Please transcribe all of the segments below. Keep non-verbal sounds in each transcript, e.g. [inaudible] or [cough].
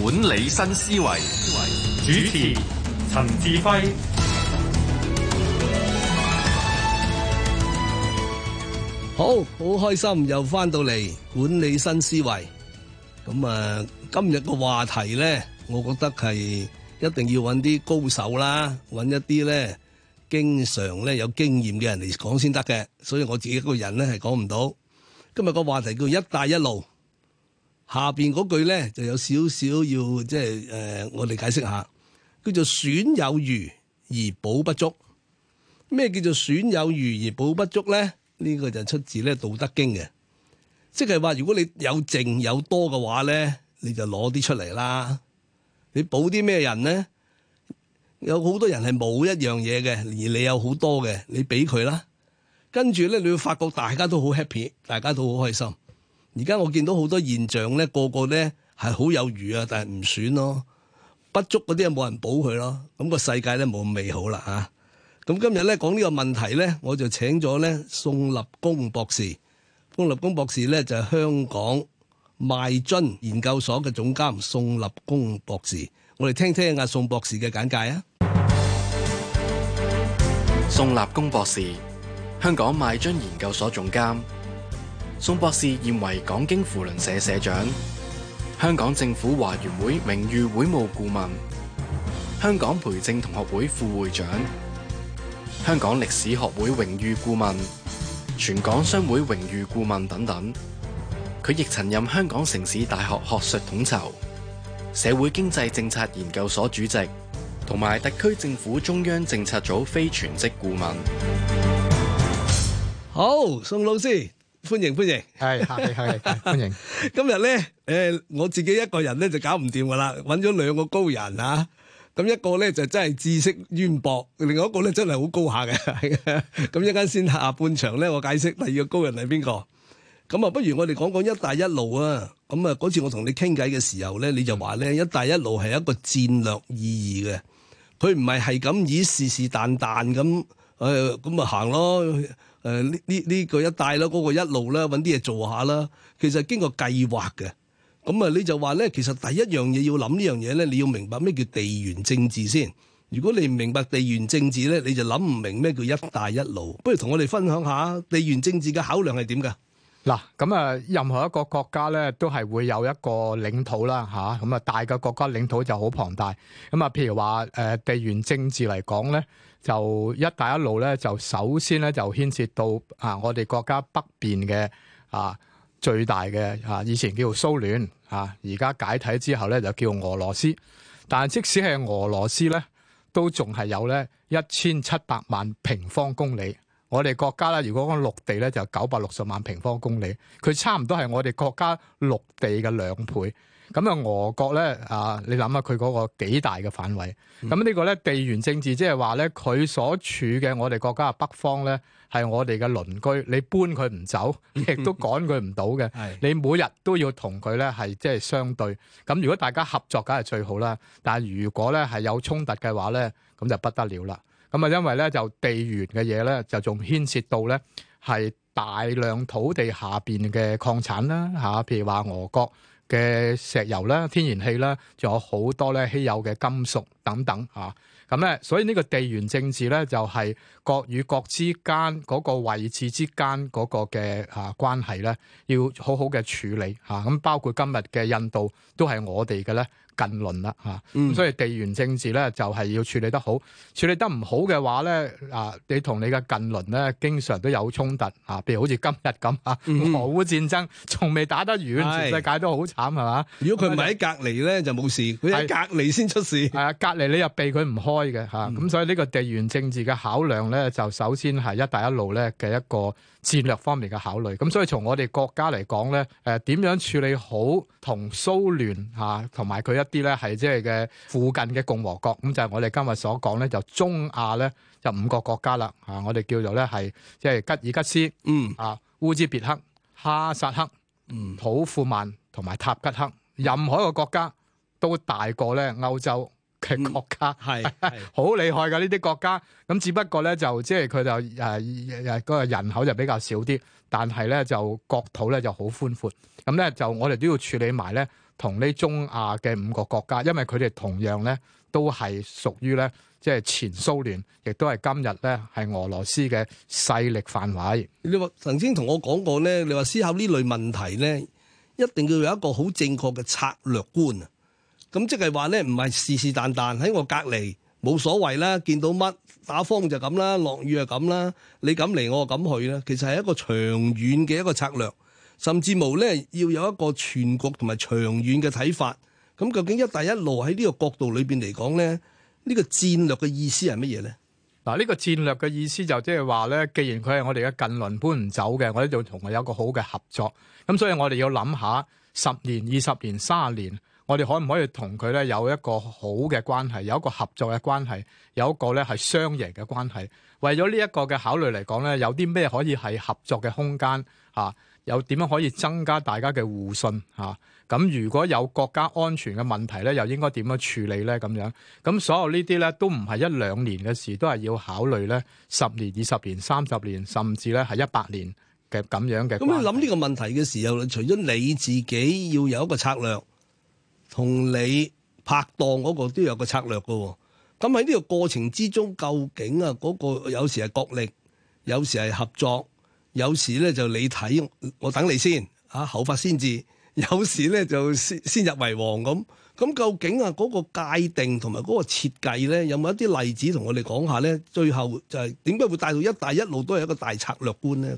管理新思維，主持陳志輝，好好開心又翻到嚟管理新思維。咁啊，今日個話題咧，我覺得係一定要揾啲高手啦，揾一啲咧經常咧有經驗嘅人嚟講先得嘅。所以我自己一個人咧係講唔到。今日個話題叫一帶一路。下邊嗰句咧就有少少要即係誒，我哋解釋下，叫做損有餘而補不足。咩叫做損有餘而補不足咧？呢個就出自咧《道德經》嘅，即係話如果你有剩有多嘅話咧，你就攞啲出嚟啦。你補啲咩人咧？有好多人係冇一樣嘢嘅，而你有好多嘅，你俾佢啦。跟住咧，你會發覺大家都好 happy，大家都好開心。而家我見到好多現象咧，個個咧係好有餘啊，但係唔選唔損咯，不足嗰啲又冇人補佢咯，咁個世界咧冇咁美好啦嚇。咁今日咧講呢個問題咧，我就請咗咧宋立功博士。宋立功博士咧就係香港邁臻研究所嘅總監，宋立功博士，我哋聽聽阿宋博士嘅簡介啊。宋立功博士，香港邁臻研究所總監。宋博士現為港京扶輪社社長、香港政府華員會名譽會務顧問、香港培正同學會副會長、香港歷史學會榮譽顧問、全港商會榮譽顧問等等。佢亦曾任香港城市大學學術統籌、社會經濟政策研究所主席，同埋特區政府中央政策組非全職顧問。好，宋老師。歡迎歡迎，係客歡迎。 [laughs] 今日咧，誒、呃，我自己一個人咧就搞唔掂噶啦，搵咗兩個高人啊。咁一個咧就真係知識淵博，另外一個咧真係好高下嘅。咁 [laughs] 一陣先，下半場咧我解釋第二個高人係邊個。咁啊，不如我哋講講一帶一路啊。咁啊，嗰次我同你傾偈嘅時候咧，你就話咧一帶一路係一個戰略意義嘅，佢唔係係咁以是是但但咁誒咁啊行咯。誒呢呢呢個一帶啦，嗰個一路啦，揾啲嘢做下啦。其實經過計劃嘅，咁啊你就話咧，其實第一樣嘢要諗呢樣嘢咧，你要明白咩叫地緣政治先。如果你唔明白地緣政治咧，你就諗唔明咩叫一帶一路。不如同我哋分享下地緣政治嘅考量係點㗎？嗱，咁啊，任何一個國家咧，都係會有一個領土啦，吓，咁啊，大嘅國家領土就好龐大。咁啊，譬如話誒地緣政治嚟講咧。就一帶一路咧，就首先咧就牽涉到啊，我哋國家北邊嘅啊最大嘅啊，以前叫做蘇聯啊，而家解體之後咧就叫俄羅斯。但係即使係俄羅斯咧，都仲係有咧一千七百萬平方公里。我哋國家啦，如果講陸地咧，就九百六十萬平方公里，佢差唔多係我哋國家陸地嘅兩倍。咁啊，俄國咧啊，你諗下佢嗰個幾大嘅範圍。咁呢個咧地緣政治，即係話咧，佢所處嘅我哋國家嘅北方咧，係我哋嘅鄰居。你搬佢唔走，亦都趕佢唔到嘅。 [laughs] 你每日都要同佢咧係即係相對。咁如果大家合作，梗係最好啦。但如果咧係有衝突嘅話咧，咁就不得了啦。咁啊，因為咧就地緣嘅嘢咧，就仲牽涉到咧係大量土地下邊嘅礦產啦，吓，譬如話俄國嘅石油啦、天然氣啦，仲有好多咧稀有嘅金屬等等吓，咁咧，所以呢個地緣政治咧就係國與國之間嗰個位置之間嗰個嘅嚇關係咧，要好好嘅處理吓，咁包括今日嘅印度都係我哋嘅咧。近鄰啦，吓、啊、咁所以地緣政治咧就係、是、要處理得好，處理得唔好嘅話咧啊，你同你嘅近鄰咧經常都有衝突，吓、啊，譬如好似今日咁啊，俄烏、嗯、戰爭仲未打得完，是全世界都好慘係嘛。如果佢唔係喺隔籬咧就冇事，佢喺隔籬先出事。係啊，隔籬你又避佢唔開嘅吓，咁、啊嗯、所以呢個地緣政治嘅考量咧，就首先係一帶一路咧嘅一個。戰略方面嘅考慮，咁所以從我哋國家嚟講咧，誒、呃，點樣處理好同蘇聯吓，同埋佢一啲咧係即係嘅附近嘅共和國咁、嗯、就係、是、我哋今日所講咧，就中亞咧就五個國家啦吓、啊，我哋叫做咧係即係吉爾吉斯嗯啊烏茲別克、哈薩克嗯土庫曼同埋塔吉克，任何一個國家都大過咧歐洲。嘅國家係好厲害嘅呢啲國家，咁只不過咧就即係佢就誒誒嗰個人口就比較少啲，但係咧就國土咧就好寬闊，咁、嗯、咧就我哋都要處理埋咧同呢中亞嘅五個國家，因為佢哋同樣咧都係屬於咧即係前蘇聯，亦都係今日咧係俄羅斯嘅勢力範圍。你話曾經同我講過咧，你話思考呢類問題咧，一定要有一個好正確嘅策略觀啊！咁即係話咧，唔係是是但但喺我隔離冇所謂啦，見到乜打風就咁啦，落雨就咁啦，你敢嚟我就敢去啦。其實係一個長遠嘅一個策略，甚至無咧要有一個全局同埋長遠嘅睇法。咁究竟一帶一路喺呢個角度裏邊嚟講咧，呢個戰略嘅意思係乜嘢咧？嗱，呢個戰略嘅意思就即係話咧，既然佢係我哋嘅近鄰，搬唔走嘅，我哋就同佢有一個好嘅合作。咁所以我哋要諗下十年、二十年、三十年。我哋可唔可以同佢咧有一個好嘅關係，有一個合作嘅關係，有一個咧係雙贏嘅關係。為咗呢一個嘅考慮嚟講咧，有啲咩可以係合作嘅空間嚇？有點樣可以增加大家嘅互信嚇？咁如果有國家安全嘅問題咧，又應該點樣處理咧？咁樣咁所有呢啲咧都唔係一兩年嘅事，都係要考慮咧十年、二十年、三十年，甚至咧係一百年嘅咁樣嘅。咁你諗呢個問題嘅時候，除咗你自己要有一個策略。同你拍檔嗰個都有個策略嘅喎、哦，咁喺呢個過程之中，究竟啊嗰、那個有時係角力，有時係合作，有時咧就你睇我等你先，啊後發先至，有時咧就先先入為王咁。咁、嗯、究竟啊嗰、那個界定同埋嗰個設計咧，有冇一啲例子同我哋講下咧？最後就係點解會帶到一帶一路都係一個大策略觀咧？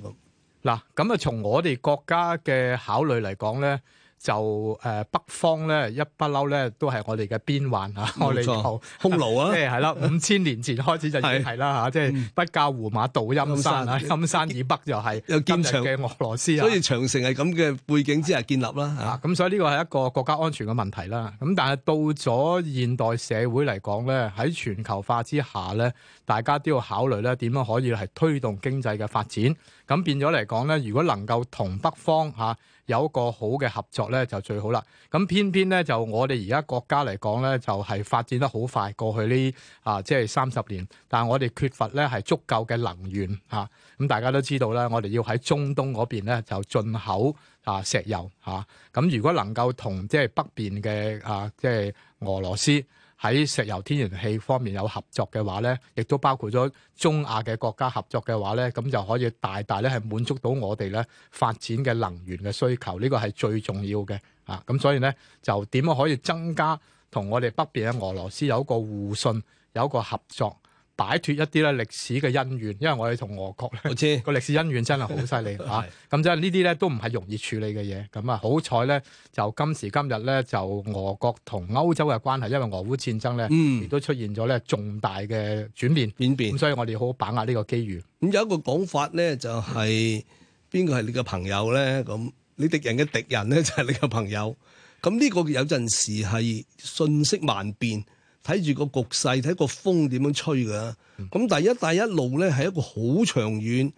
嗱，咁啊、嗯、從我哋國家嘅考慮嚟講咧。就誒北方咧，一不嬲咧，都係 [laughs] 我哋嘅邊患啊！我哋匈奴啊，即係係啦，五千年前開始就已經係啦嚇，即係不教胡馬度陰山，陰山，陰山以北就係又建長嘅俄羅斯，所以長城係咁嘅背景之下建立啦嚇。咁所以呢個係一個國家安全嘅問題啦。咁的但係到咗現代社會嚟講咧，喺全球化之下咧，大家都要考慮咧點樣可以係推動經濟嘅發展。咁變咗嚟講咧，如果能夠同北方嚇、啊、有一個好嘅合作咧，就最好啦。咁偏偏咧就我哋而家國家嚟講咧，就係、是、發展得好快。過去呢啊即係三十年，但係我哋缺乏咧係足夠嘅能源嚇。咁、啊、大家都知道啦，我哋要喺中東嗰邊咧就進口啊石油嚇。咁、啊、如果能夠同即係北邊嘅啊即係、就是、俄羅斯。喺石油、天然氣方面有合作嘅話呢，亦都包括咗中亞嘅國家合作嘅話呢，咁就可以大大咧係滿足到我哋呢發展嘅能源嘅需求。呢個係最重要嘅啊！咁所以呢，就點樣可以增加同我哋北邊嘅俄羅斯有一個互信，有一個合作？擺脱一啲咧歷史嘅恩怨，因為我哋同俄國咧個歷史恩怨真係好犀利嚇，咁即係呢啲咧都唔係容易處理嘅嘢。咁啊，好彩咧，就今時今日咧，就俄國同歐洲嘅關係，因為俄烏戰爭咧，嗯、亦都出現咗咧重大嘅轉變。轉變便所以我哋好好把握呢個機遇。咁有一個講法咧，就係邊個係你嘅朋友咧？咁你敵人嘅敵人咧，就係你嘅朋友。咁呢個有陣時係瞬息萬變。睇住個局勢，睇個風點樣吹嘅。咁第、嗯、一帶一路咧係一個好長遠、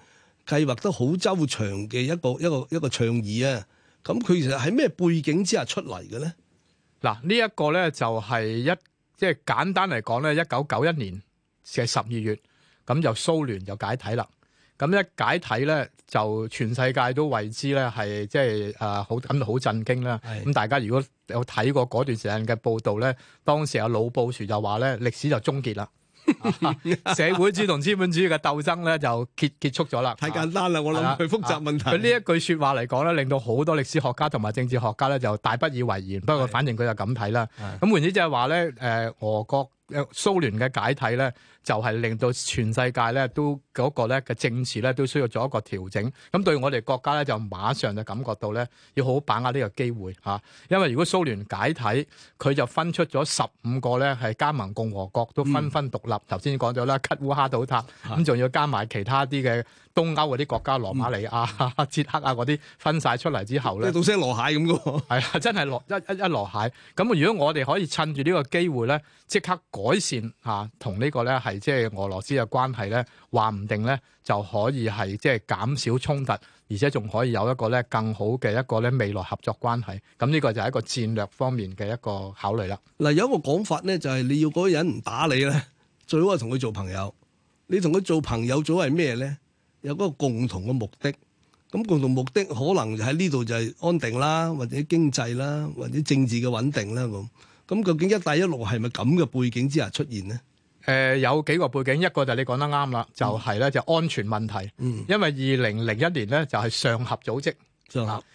計劃得好周詳嘅一個一個一個倡議啊。咁佢其實喺咩背景之下出嚟嘅咧？嗱，呢一個咧就係一即係簡單嚟講咧，一九九一年即係十二月，咁就蘇聯就解體啦。咁一解體咧，就全世界都為之咧係即係啊好感到好震驚啦。咁的大家如果有睇過嗰段時間嘅報道咧，當時阿老布殊就話咧，歷史就終結啦， [laughs] 啊，社會主義同資本主義嘅鬥爭咧就結結束咗啦。太簡單啦，啊、我諗佢複雜問題。佢呢、啊啊、一句話說話嚟講咧，令到好多歷史學家同埋政治學家咧就大不以為然。的不過反正佢就咁睇啦。咁換言之就係話咧，誒、呃，俄國。蘇聯嘅解體咧，就係令到全世界咧都嗰個咧嘅政治咧都需要做一個調整。咁對我哋國家咧就馬上就感覺到咧，要好好把握呢個機會吓，啊。因為如果蘇聯解體，佢就分出咗十五個咧係加盟共和國都紛紛獨立。頭先講咗啦，吉烏哈倒塌，咁仲要加埋其他啲嘅。東歐嗰啲國家，羅馬尼亞、嗯、捷克啊，嗰啲分晒出嚟之後咧，即到聲落蟹咁嘅喎，係 [laughs] 啊，真係落一一一落蟹咁。如果我哋可以趁住呢個機會咧，即刻改善吓同、啊、呢個咧係即係俄羅斯嘅關係咧，話唔定咧就可以係即係減少衝突，而且仲可以有一個咧更好嘅一個咧未來合作關係。咁呢個就係一個戰略方面嘅一個考慮啦。嗱，有一個講法咧，就係、是、你要嗰個人唔打你咧，最好係同佢做朋友。你同佢做朋友做係咩咧？有嗰個共同嘅目的，咁共同嘅目的可能喺呢度就係安定啦，或者經濟啦，或者政治嘅穩定啦咁。咁究竟一帶一路係咪咁嘅背景之下出現呢？誒、呃，有幾個背景，一個就你講得啱啦，就係咧就安全問題，嗯、因為二零零一年咧就係、係、上合組織。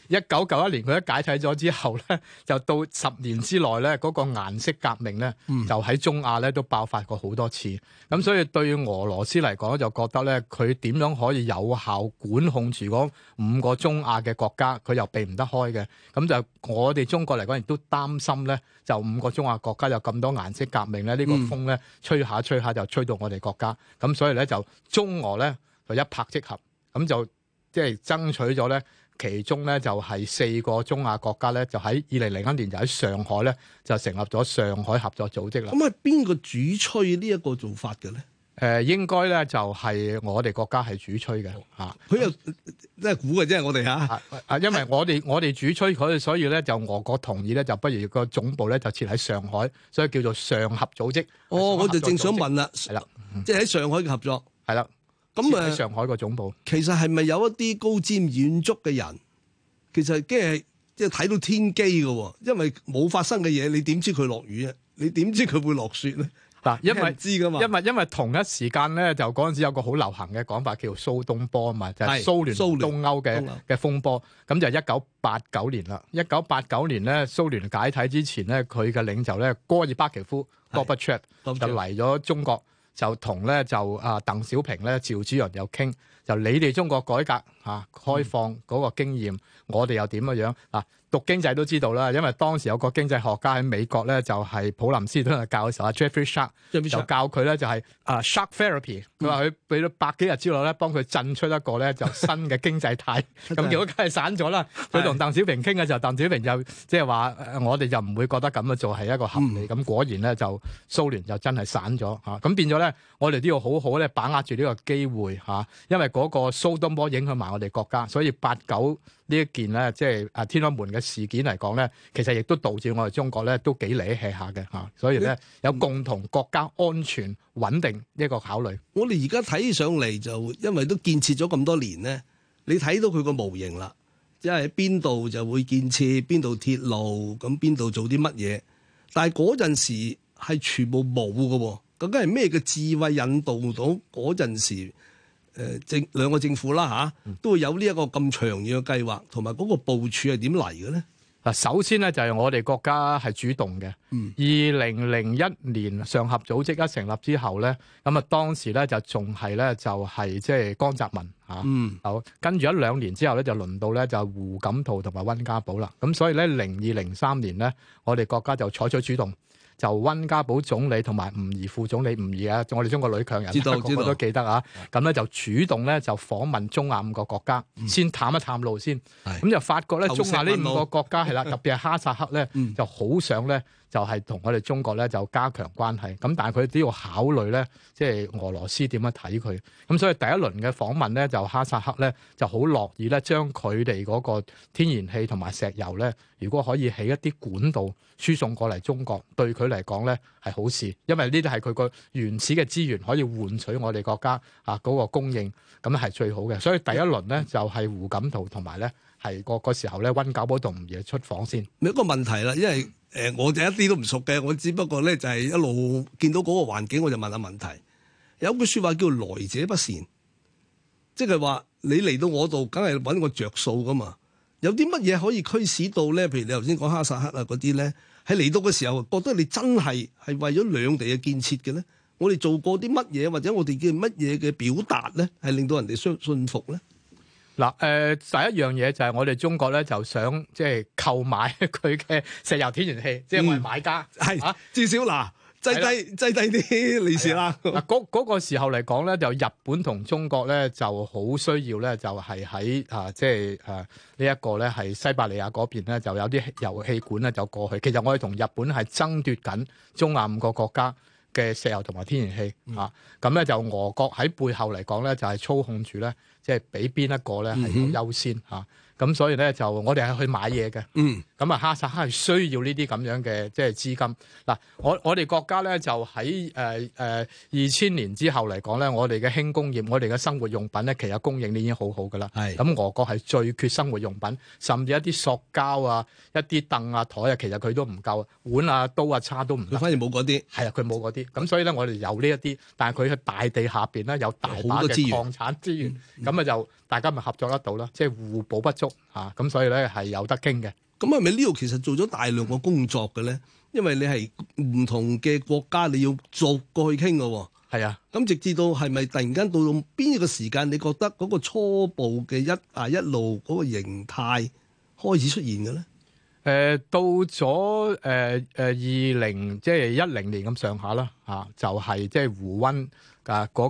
一九九一年佢一解體咗之後咧， [laughs] 就到十年之內咧，嗰、嗰個顏色革命咧，嗯、就喺中亞咧都爆發過好多次。咁所以對俄羅斯嚟講，就覺得咧，佢點樣可以有效管控住嗰五個中亞嘅國家，佢又避唔得開嘅。咁就我哋中國嚟講，亦都擔心咧，就五個中亞國家有咁多顏色革命咧，呢、呢個風咧吹下吹下就吹到我哋國家。咁所以咧就中俄咧就一拍即合，咁就即係、就是、爭取咗咧。其中咧就係四個中亞國家咧，就喺二零零一年就喺上海咧就成立咗上海合作組織啦。咁啊，邊個主催呢一個做法嘅咧？誒、呃，應該咧就係我哋國家係主催嘅嚇。佢又都係估嘅啫，我哋嚇啊，啊因為我哋 [laughs] 我哋主催佢，所以咧就俄國同意咧，就不如個總部咧就設喺上海，所以叫做上合組織。哦，合作合作，我就正想問啦，係啦，即係喺上海嘅合作，係啦。咁啊！上海個總部、嗯、其實係咪有一啲高瞻遠矚嘅人？其實即係即係睇到天機嘅，因為冇發生嘅嘢，你點知佢落雨啊？你點知佢會落雪咧？嗱、啊，因為知噶嘛，因為因為同一時間咧，就嗰陣時有個好流行嘅講法叫蘇東波啊嘛，就係蘇聯東歐嘅嘅風波。咁就係一九八九年啦，一九八九年咧，蘇聯解體之前咧，佢嘅領袖咧戈爾巴喬夫 Gorbachev 就嚟咗中國。就同咧就啊鄧小平咧，趙主任又傾，就你哋中國改革吓、啊、開放嗰個經驗，嗯、我哋又點樣樣啊？讀經濟都知道啦，因為當時有個經濟學家喺美國咧，就係普林斯頓教授啊 Jeffrey Sachs 就教佢咧，就係啊 Shock Therapy，佢話佢俾咗百幾日之內咧，幫佢震出一個咧就新嘅經濟態。咁結果梗係散咗啦。佢同鄧小平傾嘅時候，鄧小平又即係話我哋就唔會覺得咁樣做係一個合理。咁果然咧就蘇聯就真係散咗吓。咁變咗咧，我哋都要好好咧把握住呢個機會吓，因為嗰個蘇東波影響埋我哋國家，所以八九。呢一件咧，即係啊，天安門嘅事件嚟講咧，其實亦都導致我哋中國咧都幾厲害下嘅嚇，所以咧有共同國家安全穩定一個考慮。嗯、我哋而家睇上嚟就，因為都建設咗咁多年咧，你睇到佢個模型啦，即係邊度就會建設邊度鐵路，咁邊度做啲乜嘢。但係嗰陣時係全部冇嘅喎，究竟係咩叫智慧引導到嗰陣時？誒，政、呃、兩個政府啦吓、啊，都會有呢一個咁長遠嘅計劃，同埋嗰個部署係點嚟嘅咧？嗱，首先咧就係、是、我哋國家係主動嘅。嗯，二零零一年上合組織一成立之後咧，咁啊當時咧就仲係咧就係即係江澤民吓，啊、嗯，好跟住一兩年之後咧就輪到咧就胡錦濤同埋温家寶啦。咁所以咧零二零三年咧，我哋國家就採取主動。就温家寶總理同埋吳儀副總理，吳儀啊，我哋中國女強人，知道個個都記得啊。咁咧道就主動咧就訪問中亞五個國家，嗯、先探一探路先。咁、嗯、就發覺咧，是中亞呢五個國家係啦，特別係哈薩克咧，嗯、就好想咧。就係同我哋中國咧就加強關係，咁但係佢都要考慮咧，即係俄羅斯點樣睇佢，咁所以第一輪嘅訪問咧就哈薩克咧就好樂意咧將佢哋嗰個天然氣同埋石油咧，如果可以起一啲管道輸送過嚟中國，對佢嚟講咧係好事，因為呢啲係佢個原始嘅資源可以換取我哋國家嚇嗰個供應，咁係最好嘅。所以第一輪呢，就係、是、胡錦濤同埋咧係個個時候咧温家寶同吳儀出訪先。有個問題啦，因為誒、呃，我就一啲都唔熟嘅，我只不過咧就係、是、一路見到嗰個環境，我就問下問，問題。有句説話叫來者不善，即係話你嚟到我度，梗係揾個着數噶嘛。有啲乜嘢可以驅使到咧？譬如你頭先講哈薩克啊嗰啲咧，喺嚟到嘅時候覺得你真係係為咗兩地嘅建設嘅咧，我哋做過啲乜嘢，或者我哋叫乜嘢嘅表達咧，係令到人哋相信服咧？嗱，誒第一樣嘢就係我哋中國咧，就想即係、就係、購買佢嘅石油、天然氣，即係買家，係嚇、嗯，至少嗱，擠低擠係低啲利是啦。嗱，嗰嗰個時候嚟講咧，就日本同中國咧就好需要咧，就係喺啊，即係啊，呢一個咧係西伯利亞嗰邊咧就有啲油氣管咧就過去。其實我哋同日本係爭奪緊中亞五個國家嘅石油同埋天然氣嚇。咁咧、嗯啊、就俄國喺背後嚟講咧就係操控住咧。即係俾邊一個咧係優先嚇？嗯咁所以咧就我哋係去買嘢嘅，咁啊哈薩克係需要呢啲咁樣嘅即係資金。嗱，我我哋國家咧就喺誒誒二千年之後嚟講咧，我哋嘅輕工業、我哋嘅生活用品咧，其實供應已經好好噶啦。咁是俄國係最缺生活用品，甚至一啲塑膠啊、一啲凳啊、台啊，其實佢都唔夠碗啊、刀啊、叉都唔。反正冇嗰啲。係啊，佢冇嗰啲。咁、啊、所以咧，我哋有呢一啲，但係佢喺大地下邊咧有大把嘅礦產資源，咁啊、嗯嗯、就。大家咪合作得到啦，即係互補不足嚇，咁、啊、所以咧係有得傾嘅。咁係咪呢度其實做咗大量嘅工作嘅咧？因為你係唔同嘅國家，你要逐個去傾嘅喎。係啊，咁直至到係咪突然間到咗邊一個時間，你覺得嗰個初步嘅一啊一路嗰個形態開始出現嘅咧？誒、呃，到咗誒誒二零即係一零年咁上下啦，嚇、啊、就係、是、即係胡温。啊！嗰、嗰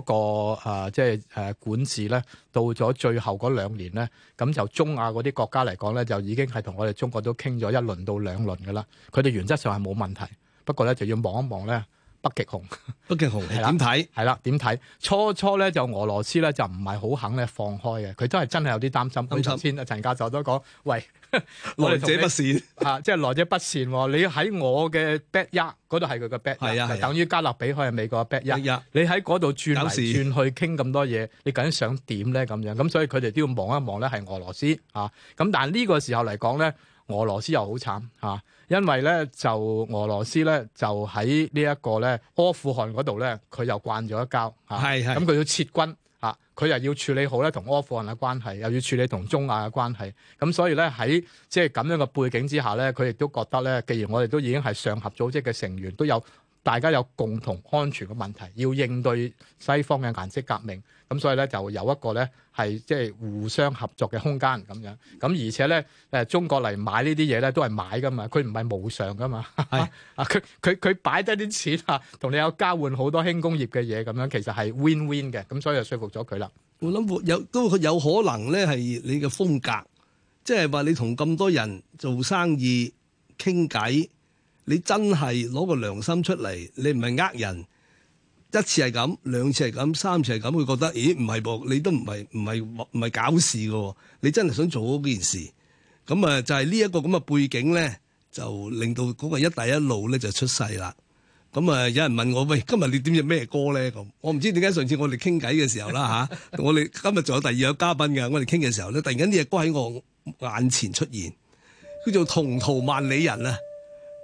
個、啊、即係誒、啊、管治咧，到咗最後嗰兩年咧，咁就中亞嗰啲國家嚟講咧，就已經係同我哋中國都傾咗一輪到兩輪噶啦。佢哋原則上係冇問題，不過咧就要望一望咧。北極熊，北極熊，點睇？係啦，點睇？初初咧就俄羅斯咧就唔係好肯咧放開嘅，佢都係真係有啲擔心。咁頭、嗯、先啊，陳教授都講，喂， [laughs] 來者不善嚇、啊，即、就、係、是、來者不善。 [laughs] 你喺我嘅 backyard 嗰度係佢嘅 backyard，係啊，等於加勒比海美國 backyard< 的>。你喺嗰度轉嚟事轉去傾咁多嘢，你究竟想點咧？咁樣咁，所以佢哋都要望一望咧，係俄羅斯嚇。咁、啊啊、但係呢個時候嚟講咧。俄羅斯又好慘嚇，因為咧就俄羅斯咧就喺呢一個咧阿富汗嗰度咧，佢又慣咗一交嚇，咁佢是、嗯、要撤軍嚇，佢、嗯、又要處理好咧同阿富汗嘅關係，又要處理同中亞嘅關係，咁、嗯、所以咧喺即係咁樣嘅背景之下咧，佢亦都覺得咧，既然我哋都已經係上合組織嘅成員，都有大家有共同安全嘅問題要應對西方嘅顏色革命。咁所以咧就有一個咧係即係互相合作嘅空間咁樣，咁而且咧誒中國嚟買呢啲嘢咧都係買噶嘛，佢唔係無償噶嘛，係啊，佢佢佢擺低啲錢啊，同你有交換好多輕工業嘅嘢咁樣，其實係 win win 嘅，咁所以就說服咗佢啦。我諗有都有可能咧係你嘅風格，即係話你同咁多人做生意傾偈，你真係攞個良心出嚟，你唔係呃人。一次係咁，兩次係咁，三次係咁，佢覺得咦唔係噃，你都唔係唔係唔係搞事嘅喎，你真係想做嗰件事，咁、嗯、誒就係呢一個咁嘅背景咧，就令到嗰個一帶一路咧就出世啦。咁、嗯、誒、嗯、有人問我喂，今日你點嘅咩歌咧咁？我唔知點解上次我哋傾偈嘅時候啦嚇， [laughs] 我哋今日仲有第二個嘉賓嘅，我哋傾嘅時候咧，突然間呢隻歌喺我眼前出現，叫做《同途萬里人》啊，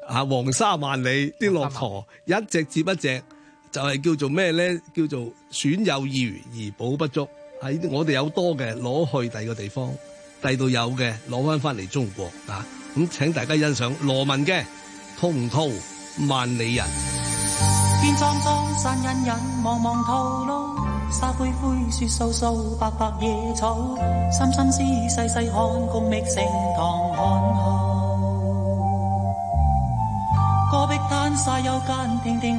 啊黃沙萬里啲駱駝一隻接一隻。就係叫做咩咧？叫做損有餘而補不足，喺我哋有多嘅攞去第二個地方，第二度有嘅攞翻翻嚟中國啊！咁、嗯、請大家欣賞羅文嘅《滔滔萬里人》。茫茫路沙灰，灰雪素素白白野草。深深思看，共成壁晒，亭亭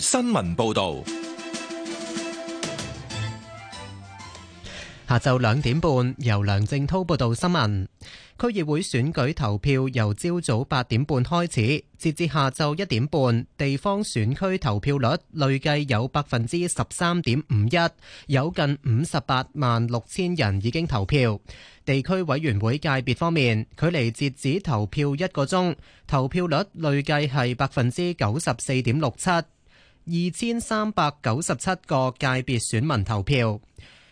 新聞報道，下晝兩點半由梁正濤報道新聞。區議會選舉投票由朝早八點半開始，截至下晝一點半。地方選區投票率累計有百分之十三點五一，有近五十八萬六千人已經投票。地區委員會界別方面，距離截止投票一個鐘，投票率累計係百分之九十四點六七。二千三百九十七個界別選民投票。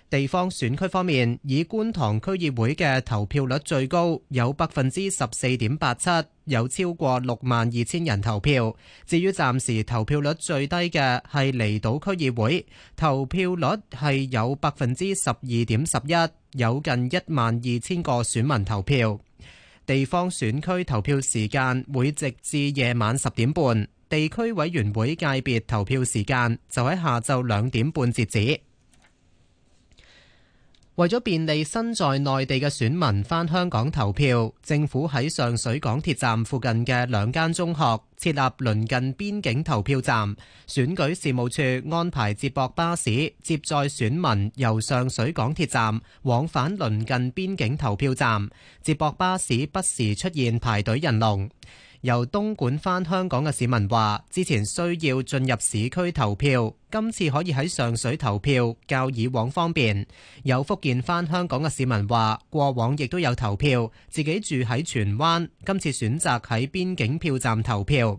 地方選區方面，以觀塘區議會嘅投票率最高，有百分之十四點八七，有超過六萬二千人投票。至於暫時投票率最低嘅係離島區議會，投票率係有百分之十二點十一，有近一萬二千個選民投票。地方選區投票時間會直至夜晚十點半。地區委員會界別投票時間就喺下晝兩點半截止。為咗便利身在內地嘅選民返香港投票，政府喺上水港鐵站附近嘅兩間中學設立鄰近邊境投票站。選舉事務處安排接駁巴士接載選民由上水港鐵站往返鄰近邊境投票站。接駁巴士不時出現排隊人龍。由東莞返香港嘅市民話，之前需要進入市區投票，今次可以喺上水投票，較以往方便。有福建返香港嘅市民話，過往亦都有投票，自己住喺荃灣，今次選擇喺邊境票站投票。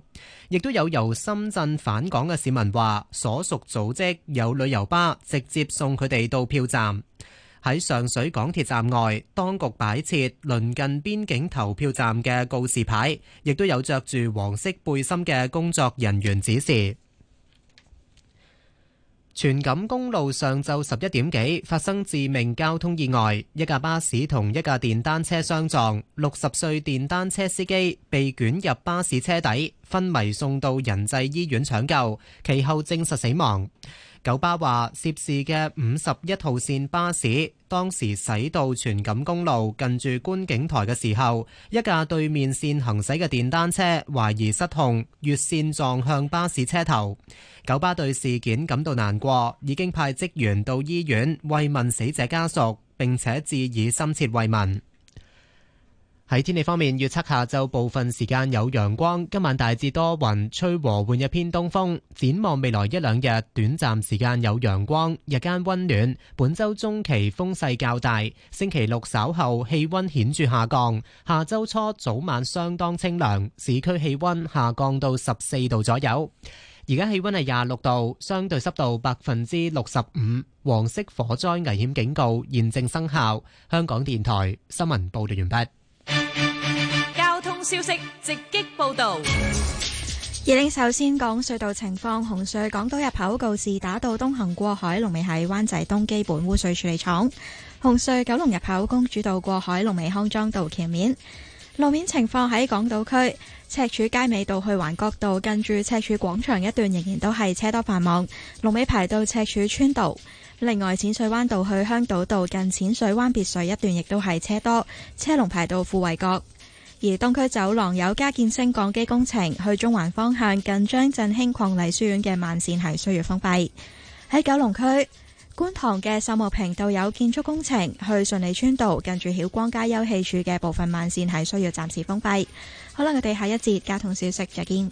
亦都有由深圳返港嘅市民話，所屬組織有旅遊巴直接送佢哋到票站。喺上水港鐵站外，當局擺設鄰近邊境投票站嘅告示牌，亦都有着住黃色背心嘅工作人員指示。全 [music] 錦公路上晝十一點幾發生致命交通意外，一架巴士同一架電單車相撞，六十歲電單車司機被捲入巴士車底，昏迷送到仁濟醫院搶救，其後證實死亡。九巴話：涉事嘅五十一號線巴士當時駛到荃錦公路近住觀景台嘅時候，一架對面線行駛嘅電單車懷疑失控越線撞向巴士車頭。九巴對事件感到難過，已經派職員到醫院慰問死者家屬，並且致以深切慰問。喺天氣方面，預測下晝部分時間有陽光，今晚大致多雲，吹和緩一偏東風。展望未來一兩日，短暫時間有陽光，日間温暖。本周中期風勢較大，星期六稍後氣温顯著下降。下周初早晚相當清涼，市區氣温下降到十四度左右。而家氣温係廿六度，相對濕度百分之六十五，黃色火災危險警告現正生效。香港電台新聞報道完畢。交通消息直擊報道。二領首先講隧道情況，紅隧港島入口告示打到東行過海，龍尾喺灣仔東基本污水處理廠；紅隧九龍入口公主道過海，龍尾康莊道橋面。路面情況喺港島區赤柱街尾道去環角道，近住赤柱廣場一段仍然都係車多繁忙，龍尾排到赤柱村道。另外，淺水灣道去香島道近淺水灣別墅一段亦都係車多，車龍排到富衛角。而東區走廊有加建升降機工程，去中環方向近張振興伉儷書院嘅慢線係需要封閉。喺九龍區，觀塘嘅秀茂坪道有建築工程，去順利村道近住曉光街休憩處嘅部分慢線係需要暫時封閉。好啦，我哋下一節交通消息再見。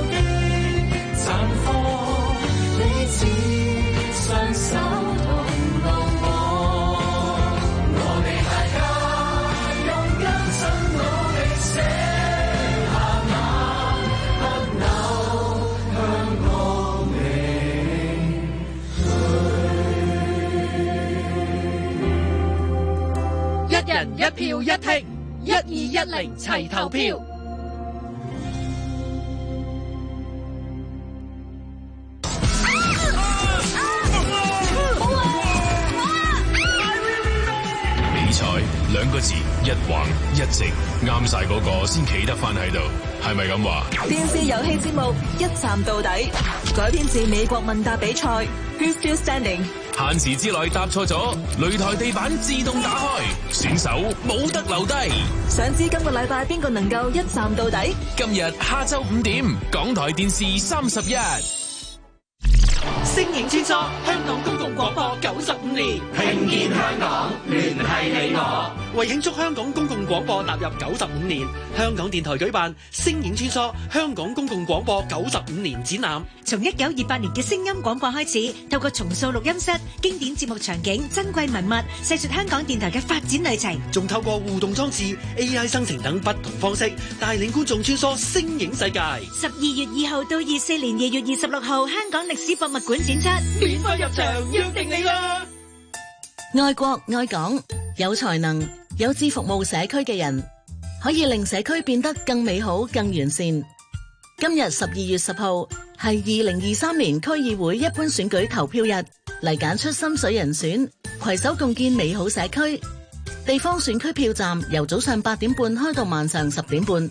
手同路，我哋大家用艱辛努力寫下那不朽香港名句。一人一票一聽，一二一零齊投票。台兩個字，一橫一直，啱晒嗰個先企得翻喺度，係咪咁話？電視遊戲節目一站到底，改編自美國問答比賽 Who Still Standing。限時之內答錯咗，擂台地板自動打開，選手冇得留低。想知今個禮拜邊個能夠一站到底？今日下晝五點，港台電視三十一。星影穿梭，香港公共廣播九十。聽見香港，聯繫你我。為慶祝香港公共廣播踏入九十五年，香港電台舉辦《聲影穿梭香港公共廣播九十五年展覽》，從一九二八年嘅聲音廣播開始，透過重塑錄音室、經典節目場景、珍貴文物，細說香港電台嘅發展旅程，仲透過互動裝置、AI 生成等不同方式，帶領觀眾穿梭聲影世界。十二月二號到二四年二月二十六號，香港歷史博物館展出，免費入場，約定你啦！愛國愛港，有才能，有志服務社區嘅人，可以令社區變得更美好、更完善。今日十二月十號係二零二三年區議會一般選舉投票日，嚟揀出心水人選，攜手共建美好社區。地方選區票站由早上八點半開到晚上十點半，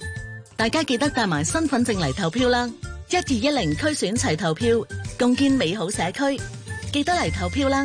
大家記得帶埋身份證嚟投票啦！一二一零區選齊投票，共建美好社區，記得嚟投票啦！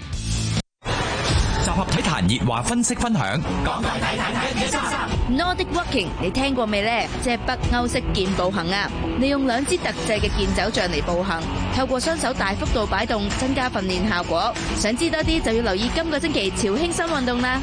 陳熱話分析分享，講大睇大睇，Nordic walking，你聽過未呢？即係北歐式健步行啊！利用兩支特製嘅健走杖嚟步行，透過雙手大幅度擺動，增加訓練效果。想知多啲就要留意今個星期朝興新運動啦。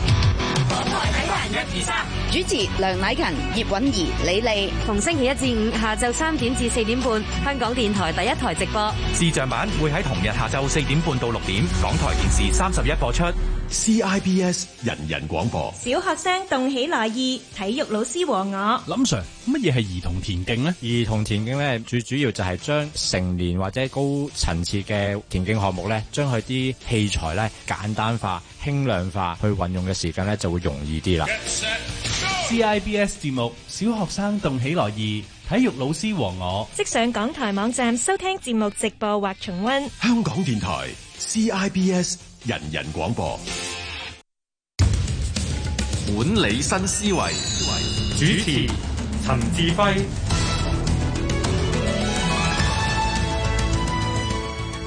港台睇人一、二、三，主持梁乃勤、葉穎怡、李麗，同星期一至五下晝三點至四點半，香港電台第一台直播。視像版會喺同日下晝四點半到六點，港台電視三十一播出。CIBS 人人廣播，小學生動起來二，體育老師和我，林 Sir。乜嘢係兒童田徑呢？兒童田徑咧，最主要就係將成年或者高層次嘅田徑項目咧，將佢啲器材咧簡單化、輕量化去運用嘅時間咧就會容易啲啦。CIBS 節目，小學生動起來二，體育老師和我，即上港台網站收聽節目直播或重溫。香港電台 CIBS 人人廣播，管 [noise] 理新思維，主持。陳志輝，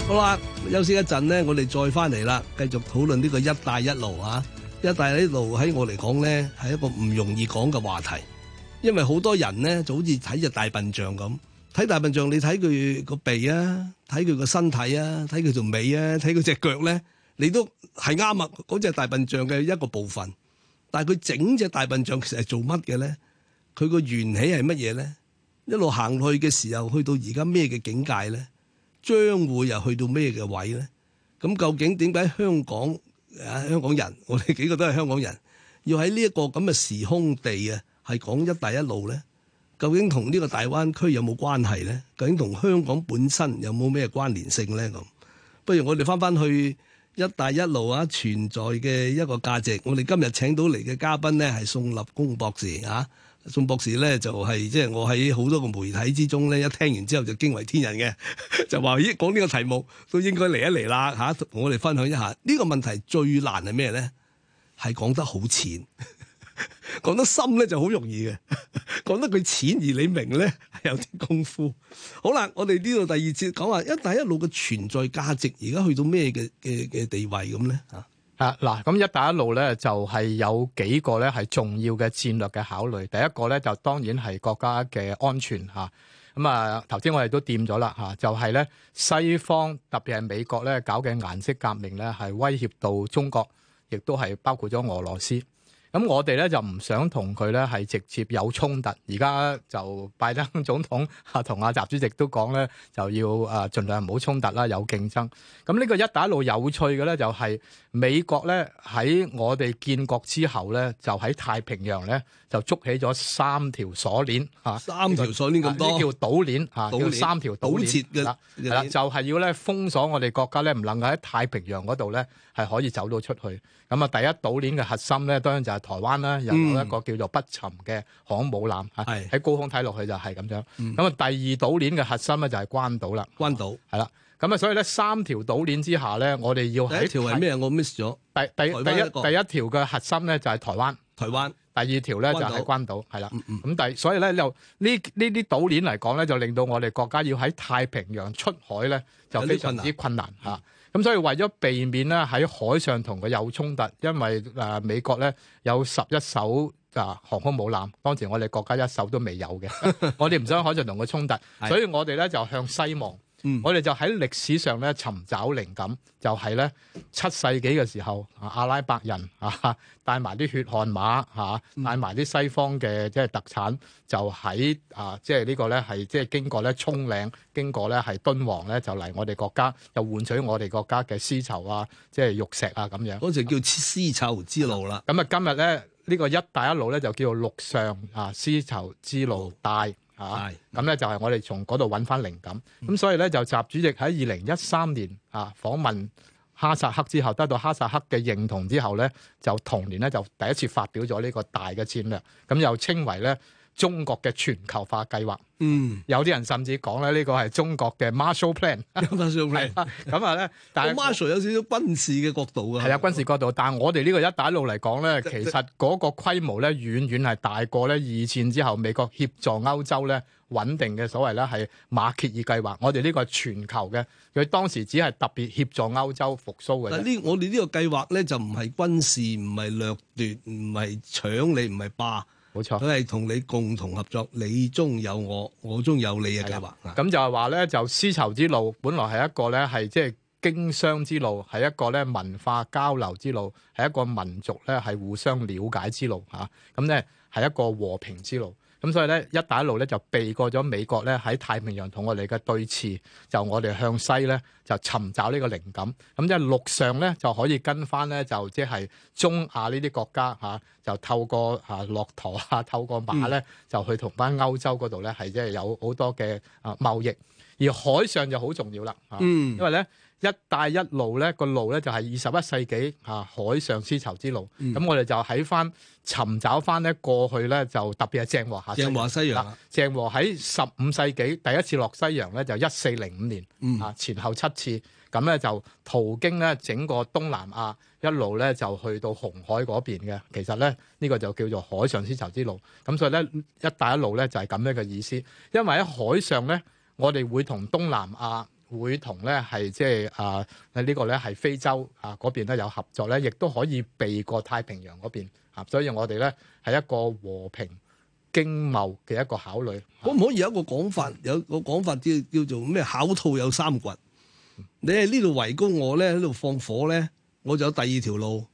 好啦，休息一陣咧，我哋再翻嚟啦，繼續討論呢個一帶一路啊！一帶一路喺我嚟講咧，係一個唔容易講嘅話題，因為好多人咧就好似睇隻大笨象咁，睇大笨象，你睇佢個鼻啊，睇佢個身體啊，睇佢條尾啊，睇佢隻腳咧，你都係啱啊！嗰隻大笨象嘅一個部分，但係佢整隻大笨象其實係做乜嘅咧？佢個緣起係乜嘢咧？一路行去嘅時候，去到而家咩嘅境界咧？將會又去到咩嘅位咧？咁究竟點解香港啊？香港人，我哋幾個都係香港人，要喺呢一個咁嘅時空地啊，係講一帶一路咧？究竟同呢個大灣區有冇關係咧？究竟同香港本身有冇咩關聯性咧？咁不如我哋翻翻去一帶一路啊存在嘅一個價值。我哋今日請到嚟嘅嘉賓咧，係宋立功博士啊。宋博士咧就係即係我喺好多個媒體之中咧，一聽完之後就驚為天人嘅，就話咦講呢個題目都應該嚟一嚟啦吓同我哋分享一下呢、呢個問題最難係咩咧？係講得好淺，講 [laughs] 得深咧就好容易嘅，講得佢淺而你明咧係有啲功夫。好啦，我哋呢度第二節講話一帶一,一路嘅存在價值，而家去到咩嘅嘅嘅地位咁咧嚇？啊嗱，咁一帶一路咧就係有幾個咧係重要嘅戰略嘅考慮。第一個咧就當然係國家嘅安全嚇。咁啊頭先我哋都掂咗啦嚇，就係咧西方特別係美國咧搞嘅顏色革命咧係威脅到中國，亦都係包括咗俄羅斯。咁我哋咧就唔想同佢咧係直接有衝突，而家就拜登總統嚇同阿習主席都講咧，就要誒盡量唔好衝突啦，有競爭。咁呢個一帶一路有趣嘅咧，就係美國咧喺我哋建國之後咧，就喺太平洋咧，就築起咗三條鎖鏈嚇，三條鎖鏈咁多呢條島鏈叫三條島鏈嘅啦就係要咧封鎖我哋國家咧，唔能夠喺太平洋嗰度咧係可以走到出去。咁啊，第一島鏈嘅核心咧，當然就係台灣啦，又有一個叫做不沉嘅航母艦嚇，喺高空睇落去就係咁樣。咁啊，第二島鏈嘅核心咧就係關島啦，關島係啦。咁啊，所以咧三條島鏈之下咧，我哋要喺。一條係咩？我 miss 咗。第第第一第一條嘅核心咧就係台灣，台灣。第二條咧就係關島，係啦。咁第所以咧就呢呢啲島鏈嚟講咧，就令到我哋國家要喺太平洋出海咧，就非常之困難嚇。咁所以為咗避免咧喺海上同佢有衝突，因為誒、呃、美國咧有十一艘啊航空母艦，當時我哋國家一艘都未有嘅， [laughs] 我哋唔想海上同佢衝突，的所以我哋咧就向西望。嗯，我哋就喺歷史上咧尋找靈感就呢，就係咧七世紀嘅時候，阿拉伯人啊帶埋啲血汗馬吓，帶埋啲西方嘅即係特產，就喺啊即係、就是、呢個咧係即係經過咧蔥嶺，經過咧係敦煌咧就嚟我哋國家，又換取我哋國家嘅絲綢啊，即、就、係、是、玉石啊咁樣。嗰、啊、時叫絲綢之路啦。咁啊今日咧呢、這個一帶一路咧就叫做陸上啊絲綢之路帶。啊，咁咧就係我哋從嗰度揾返靈感，咁所以咧就習主席喺二零一三年啊訪問哈薩克之後，得到哈薩克嘅認同之後咧，就同年咧就第一次發表咗呢個大嘅戰略，咁又稱為咧，中國嘅全球化計劃，嗯，有啲人甚至講咧，呢個係中國嘅 Marshall Plan，Marshall Plan，咁啊咧， [laughs] 但係 Marshall 有少少軍事嘅角度啊，係啊，軍事角度，但係我哋呢個一帶一路嚟講咧，就是、其實嗰個規模咧，遠遠係大過咧二戰之後美國協助歐洲咧穩定嘅所謂咧係馬歇爾計劃，我哋呢個係全球嘅，佢當時只係特別協助歐洲復甦嘅。嗱呢，我哋呢個計劃咧就唔係軍事，唔係掠奪，唔係搶你，唔係霸。冇錯，佢係同你共同合作，你中有我，我中有你嘅計劃。咁就係話呢，就絲綢之路本來係一個呢，係即係經商之路，係一個呢文化交流之路，係一個民族呢，係互相了解之路啊！咁呢係一個和平之路。咁所以咧，一帶一路咧就避過咗美國咧喺太平洋同我哋嘅對峙，就我哋向西咧就尋找呢個靈感。咁即係陸上咧就可以跟翻咧就即係中亞呢啲國家嚇，就透過啊駱駝啊，透過馬咧就去同翻歐洲嗰度咧係即係有好多嘅啊貿易，而海上就好重要啦嚇，因為咧。一帶一路咧個路咧就係二十一世紀嚇、啊、海上絲綢之路，咁、嗯、我哋就喺翻尋找翻咧過去咧就特別係鄭和下，鄭和西洋，鄭和喺十五世紀第一次落西洋咧就一四零五年，嚇、嗯啊、前後七次，咁咧就途經咧整個東南亞一路咧就去到紅海嗰邊嘅，其實咧呢、呢個就叫做海上絲綢之路，咁所以咧一帶一路咧就係、係、咁樣嘅意思，因為喺海上咧我哋會同東南亞。會同咧係即係啊，呢個咧係非洲啊嗰邊咧有合作咧，亦都可以避過太平洋嗰邊啊，所以我哋咧係一個和平經貿嘅一個考慮。可唔可以有一個講法？有個講法叫叫做咩？狡兔有三窟，你喺呢度圍攻我咧，喺度放火咧，我就有第二條路。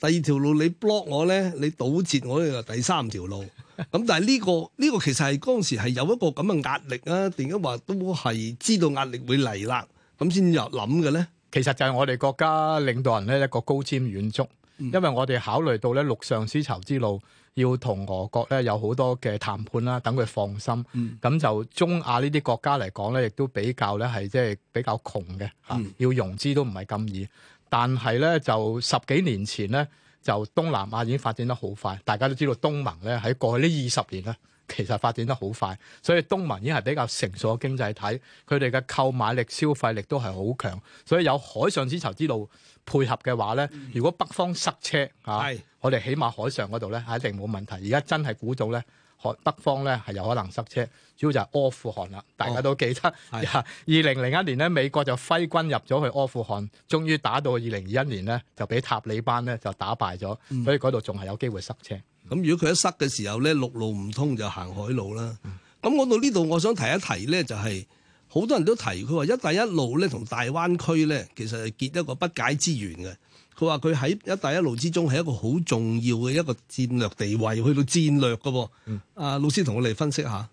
第二條路你 block 我咧，你堵截我咧，就第三條路。咁但係呢、呢個呢、呢個其實係當時係有一個咁嘅壓力啊！點解話都係知道壓力會嚟啦？咁先至入諗嘅咧，其實就係我哋國家領導人咧一個高瞻遠矚。因為我哋考慮到咧陸上絲綢之路要同俄國咧有好多嘅談判啦，等佢放心。咁、嗯、就中亞呢啲國家嚟講咧，亦都比較咧係即係比較窮嘅嚇，要融資都唔係咁易。但係咧，就十幾年前咧，就東南亞已經發展得好快。大家都知道，東盟咧喺過去呢二十年咧，其實發展得好快，所以東盟已經係比較成熟嘅經濟體，佢哋嘅購買力、消費力都係好強。所以有海上絲綢之路配合嘅話咧，如果北方塞車嚇，啊、是我哋起碼海上嗰度咧一定冇問題。而家真係估到咧，海北方咧係有可能塞車。主要就係阿富汗啦，大家都記得二零零一年呢，美國就揮軍入咗去阿富汗，終於打到二零二一年呢，就俾塔利班呢就打敗咗，嗯、所以嗰度仲係有機會塞車。咁、嗯、如果佢一塞嘅時候呢，陸路唔通，就行海路啦。咁、嗯、我到呢度，我想提一提呢、就是，就係好多人都提佢話一帶一路呢，同大灣區呢，其實係結一個不解之緣嘅。佢話佢喺一帶一路之中係一個好重要嘅一個戰略地位，去到戰略嘅喎。嗯、啊，老師同我哋分析下。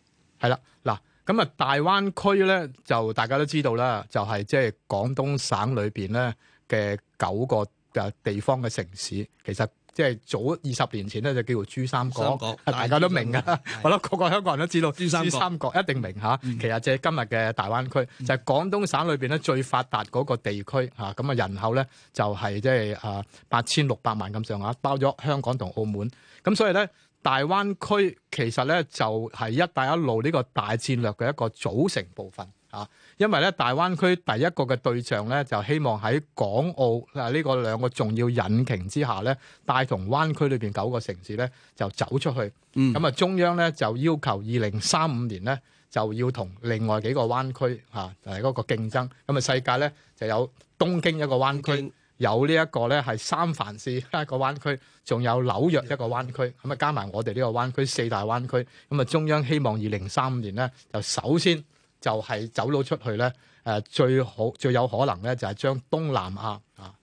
係啦，嗱，咁啊，大灣區咧就大家都知道啦，就係即係廣東省裏邊咧嘅九個嘅地方嘅城市，其實即係早二十年前咧就叫做珠三角，三角大家都明噶，我諗個個香港人都知道，珠三角，三角一定明吓。嗯、其實即係今日嘅大灣區、嗯、就係廣東省裏邊咧最發達嗰個地區吓，咁啊、嗯、人口咧就係即係啊八千六百萬咁上下，包咗香港同澳門，咁所以咧。大灣區其實咧就係一帶一路呢個大戰略嘅一個組成部分啊，因為咧大灣區第一個嘅對象咧就希望喺港澳啊呢個兩個重要引擎之下咧，帶同灣區裏邊九個城市咧就走出去。咁啊、嗯、中央咧就要求二零三五年咧就要同另外幾個灣區啊就係嗰個競爭。咁啊世界咧就有東京一個灣區。嗯有呢一個咧係三藩市一個灣區，仲有紐約一個灣區，咁啊加埋我哋呢個灣區四大灣區，咁啊中央希望二零三五年咧就首先就係走佬出去咧，誒最好最有可能咧就係將東南亞啊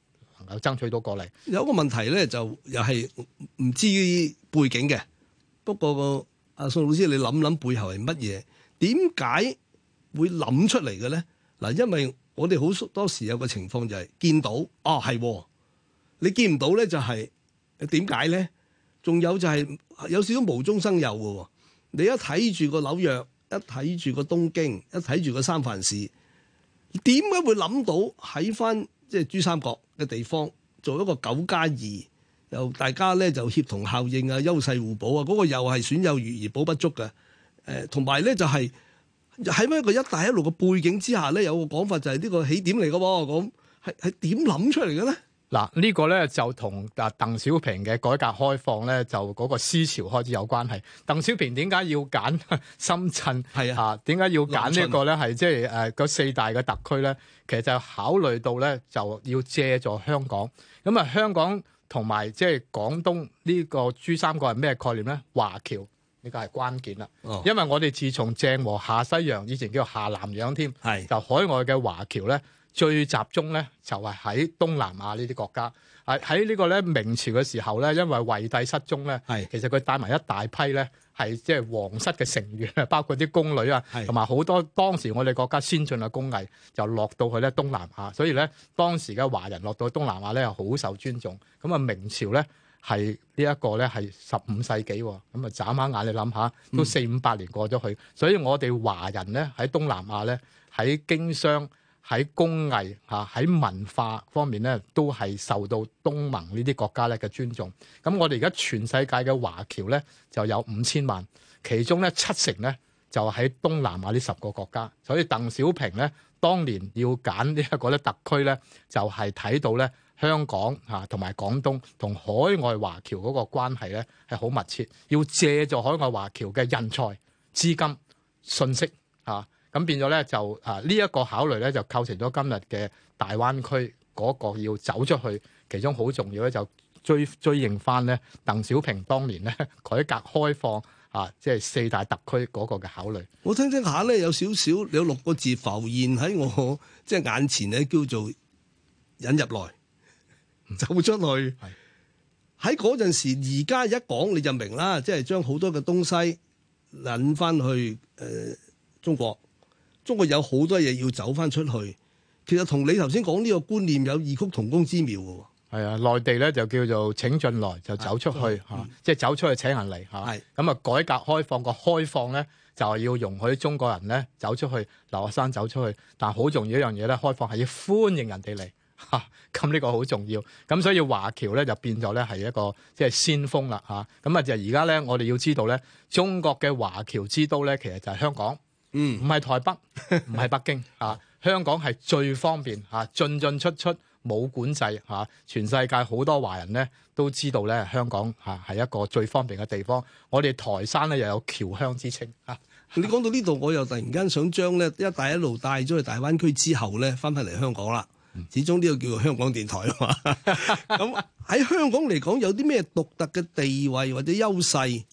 能夠爭取到過嚟。有一個問題咧就又係唔知背景嘅，不過阿、啊、宋老師你諗諗背後係乜嘢？點解會諗出嚟嘅咧？嗱，因為我哋好多時有個情況就係、是、見到，哦、啊、係，你見唔到咧就係點解咧？仲有就係、是、有少少無中生有嘅喎。你一睇住個紐約，一睇住個東京，一睇住個三藩市，點解會諗到喺翻即係珠三角嘅地方做一個九加二，又大家咧就協同效應啊、優勢互補啊，嗰、那個又係損有餘而補不足嘅。誒、就是，同埋咧就係。喺咩個一帶一路嘅背景之下咧，有個講法就係呢個起點嚟嘅喎，咁係係點諗出嚟嘅咧？嗱，呢個咧就同啊鄧小平嘅改革開放咧，就嗰個思潮開始有關係。鄧小平點解要揀深圳？係啊，點解、啊、要揀呢個咧？係即係誒四大嘅特區咧，其實就考慮到咧就要借助香港。咁啊，香港同埋即係廣東呢個珠三角係咩概念咧？華僑。呢個係關鍵啦，哦、因為我哋自從鄭和下西洋，以前叫做「下南洋」添，是就海外嘅華僑咧，最集中咧就係、是、喺東南亞呢啲國家。喺喺呢個咧明朝嘅時候咧，因為惠帝失蹤咧，是其實佢帶埋一大批咧，係即係皇室嘅成員，包括啲宮女啊，同埋好多當時我哋國家先進嘅工藝，就落到去咧東南亞。所以咧當時嘅華人落到東南亞咧，又好受尊重。咁啊明朝咧。係呢一個咧，係十五世紀，咁啊眨下眼你諗下，都四五百年過咗去，所以我哋華人咧喺東南亞咧，喺經商、喺工藝、嚇喺文化方面咧，都係受到東盟呢啲國家咧嘅尊重。咁我哋而家全世界嘅華僑咧就有五千萬，其中咧七成咧就喺東南亞呢十個國家。所以鄧小平咧，當年要揀呢一個咧特區咧，就係睇到咧。香港嚇，同埋廣東同海外華僑嗰個關係咧，係好密切。要借助海外華僑嘅人才、資金、信息嚇，咁、啊、變咗咧就啊呢一、這個考慮咧，就構成咗今日嘅大灣區嗰個要走出去。其中好重要咧，就追追認翻咧鄧小平當年咧改革開放嚇，即、啊、係、就是、四大特區嗰個嘅考慮。我聽聽下咧，有少少你有六個字浮現喺我即係眼前咧，叫做引入來走出去，喺嗰陣時，而家一講你就明啦，即係將好多嘅東西引翻去誒、呃、中國，中國有好多嘢要走翻出去，其實同你頭先講呢個觀念有異曲同工之妙嘅。係啊，內地咧就叫做請進來就走出去吓，即係走出去請人嚟吓，係咁啊，的改革開放個開放咧就係要容許中國人咧走出去，留學生走出去。但係好重要一樣嘢咧，開放係要歡迎人哋嚟。嚇咁呢個好重要咁，所以華僑咧就變咗咧係一個即係、就是、先鋒啦嚇。咁啊，就而家咧，我哋要知道咧，中國嘅華僑之都咧，其實就係香港，嗯，唔係台北，唔係北京啊。香港係最方便嚇、啊，進進出出冇管制嚇、啊。全世界好多華人咧都知道咧，香港嚇、啊、係一個最方便嘅地方。我哋台山咧又有僑鄉之稱嚇。啊、你講到呢度，我又突然間想將咧一帶一路帶咗去大灣區之後咧，翻返嚟香港啦。始終呢個叫做香港電台啊嘛，咁 [laughs] 喺香港嚟講有啲咩獨特嘅地位或者優勢，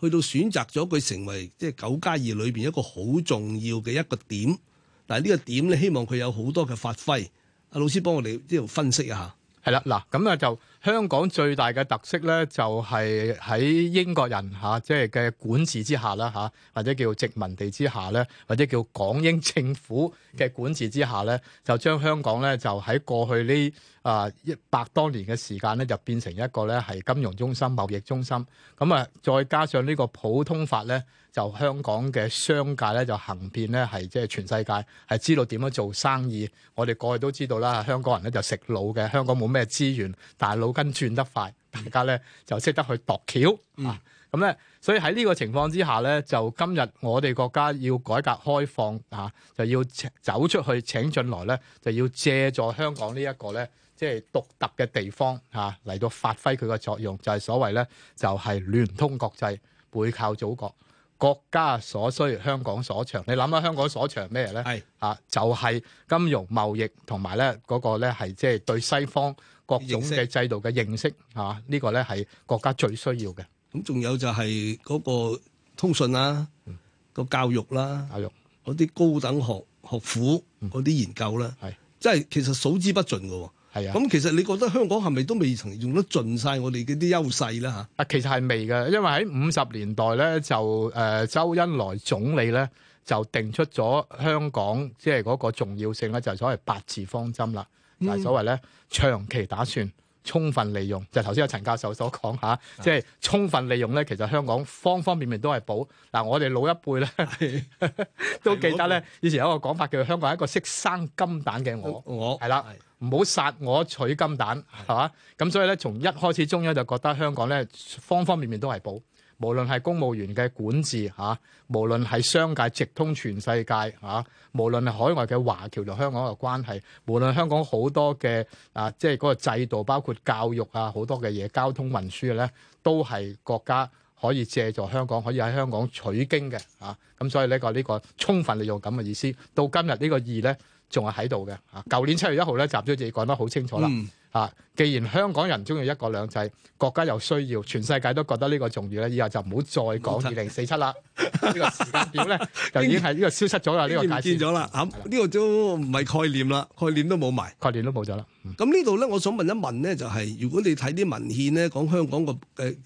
去到選擇咗佢成為即係九加二裏邊一個好重要嘅一個點。但係呢個點咧，希望佢有好多嘅發揮。阿老師幫我哋呢度分析一下。係啦，嗱咁啊就。香港最大嘅特色咧，就係、是、喺英國人吓，即係嘅管治之下啦吓，或者叫殖民地之下咧，或者叫港英政府嘅管治之下咧，就將香港咧就喺過去呢啊一百多年嘅時間咧，就變成一個咧係金融中心、貿易中心。咁啊，再加上呢個普通法咧，就香港嘅商界咧就行遍咧係即係全世界，係知道點樣做生意。我哋過去都知道啦，香港人咧就食腦嘅，香港冇咩資源，大佬跟轉得快，大家咧就識得去度橋、嗯、啊！咁咧，所以喺呢個情況之下咧，就今日我哋國家要改革開放啊，就要走出去請進來咧，就要借助香港呢一個咧，即係獨特嘅地方嚇嚟、啊、到發揮佢嘅作用，就係、是、所謂咧就係、是、聯通國際，背靠祖國，國家所需，香港所長。你諗下香港所長咩咧？係是啊，就係、是、金融貿易同埋咧嗰個咧係即係對西方。各種嘅制度嘅認識嚇，呢、啊呢個咧係國家最需要嘅。咁仲有就係嗰個通訊啦、啊，個、嗯、教育啦、啊，教育嗰啲高等學學府嗰啲研究啦，係即係其實數之不盡嘅喎。啊，咁、啊嗯、其實你覺得香港係咪都未曾用得盡晒我哋嗰啲優勢咧嚇？啊，其實係未嘅，因為喺五十年代咧就誒、呃、周恩來總理咧就定出咗香港即係嗰個重要性咧，就是、所謂八字方針啦。嗱，嗯、所謂咧長期打算，充分利用，就頭先阿陳教授所講嚇、啊，即係充分利用咧。其實香港方方面面都係補。嗱、啊，我哋老一輩咧 [laughs] 都記得咧，以前有一個講法叫做香港係一個識生金蛋嘅鵝，我係啦，唔好殺我取金蛋，係嘛？咁所以咧，從一開始中央就覺得香港咧，方方面面都係補。無論係公務員嘅管治嚇，無論係商界直通全世界嚇，無論係海外嘅華僑同香港嘅關係，無論香港好多嘅啊，即係嗰個制度，包括教育啊好多嘅嘢，交通運輸咧，都係國家可以借助香港，可以喺香港取經嘅嚇。咁、啊、所以呢、呢個呢、呢個充分利用咁嘅意思，到今日個意呢個二咧仲係喺度嘅嚇。舊、啊、年七月一號咧，習主席講得好清楚啦。嗯啊！既然香港人中意一國兩制，國家又需要，全世界都覺得呢個重要咧，以後就唔好再講二零四七啦。呢 [laughs] 個時間表咧，就已經係呢個消失咗啦。呢個、這個、就概念咗啦，嚇呢個都唔係概念啦，概念都冇埋，概念都冇咗啦。咁、嗯、呢度咧，我想問一問咧，就係、是、如果你睇啲文獻咧，講香港個誒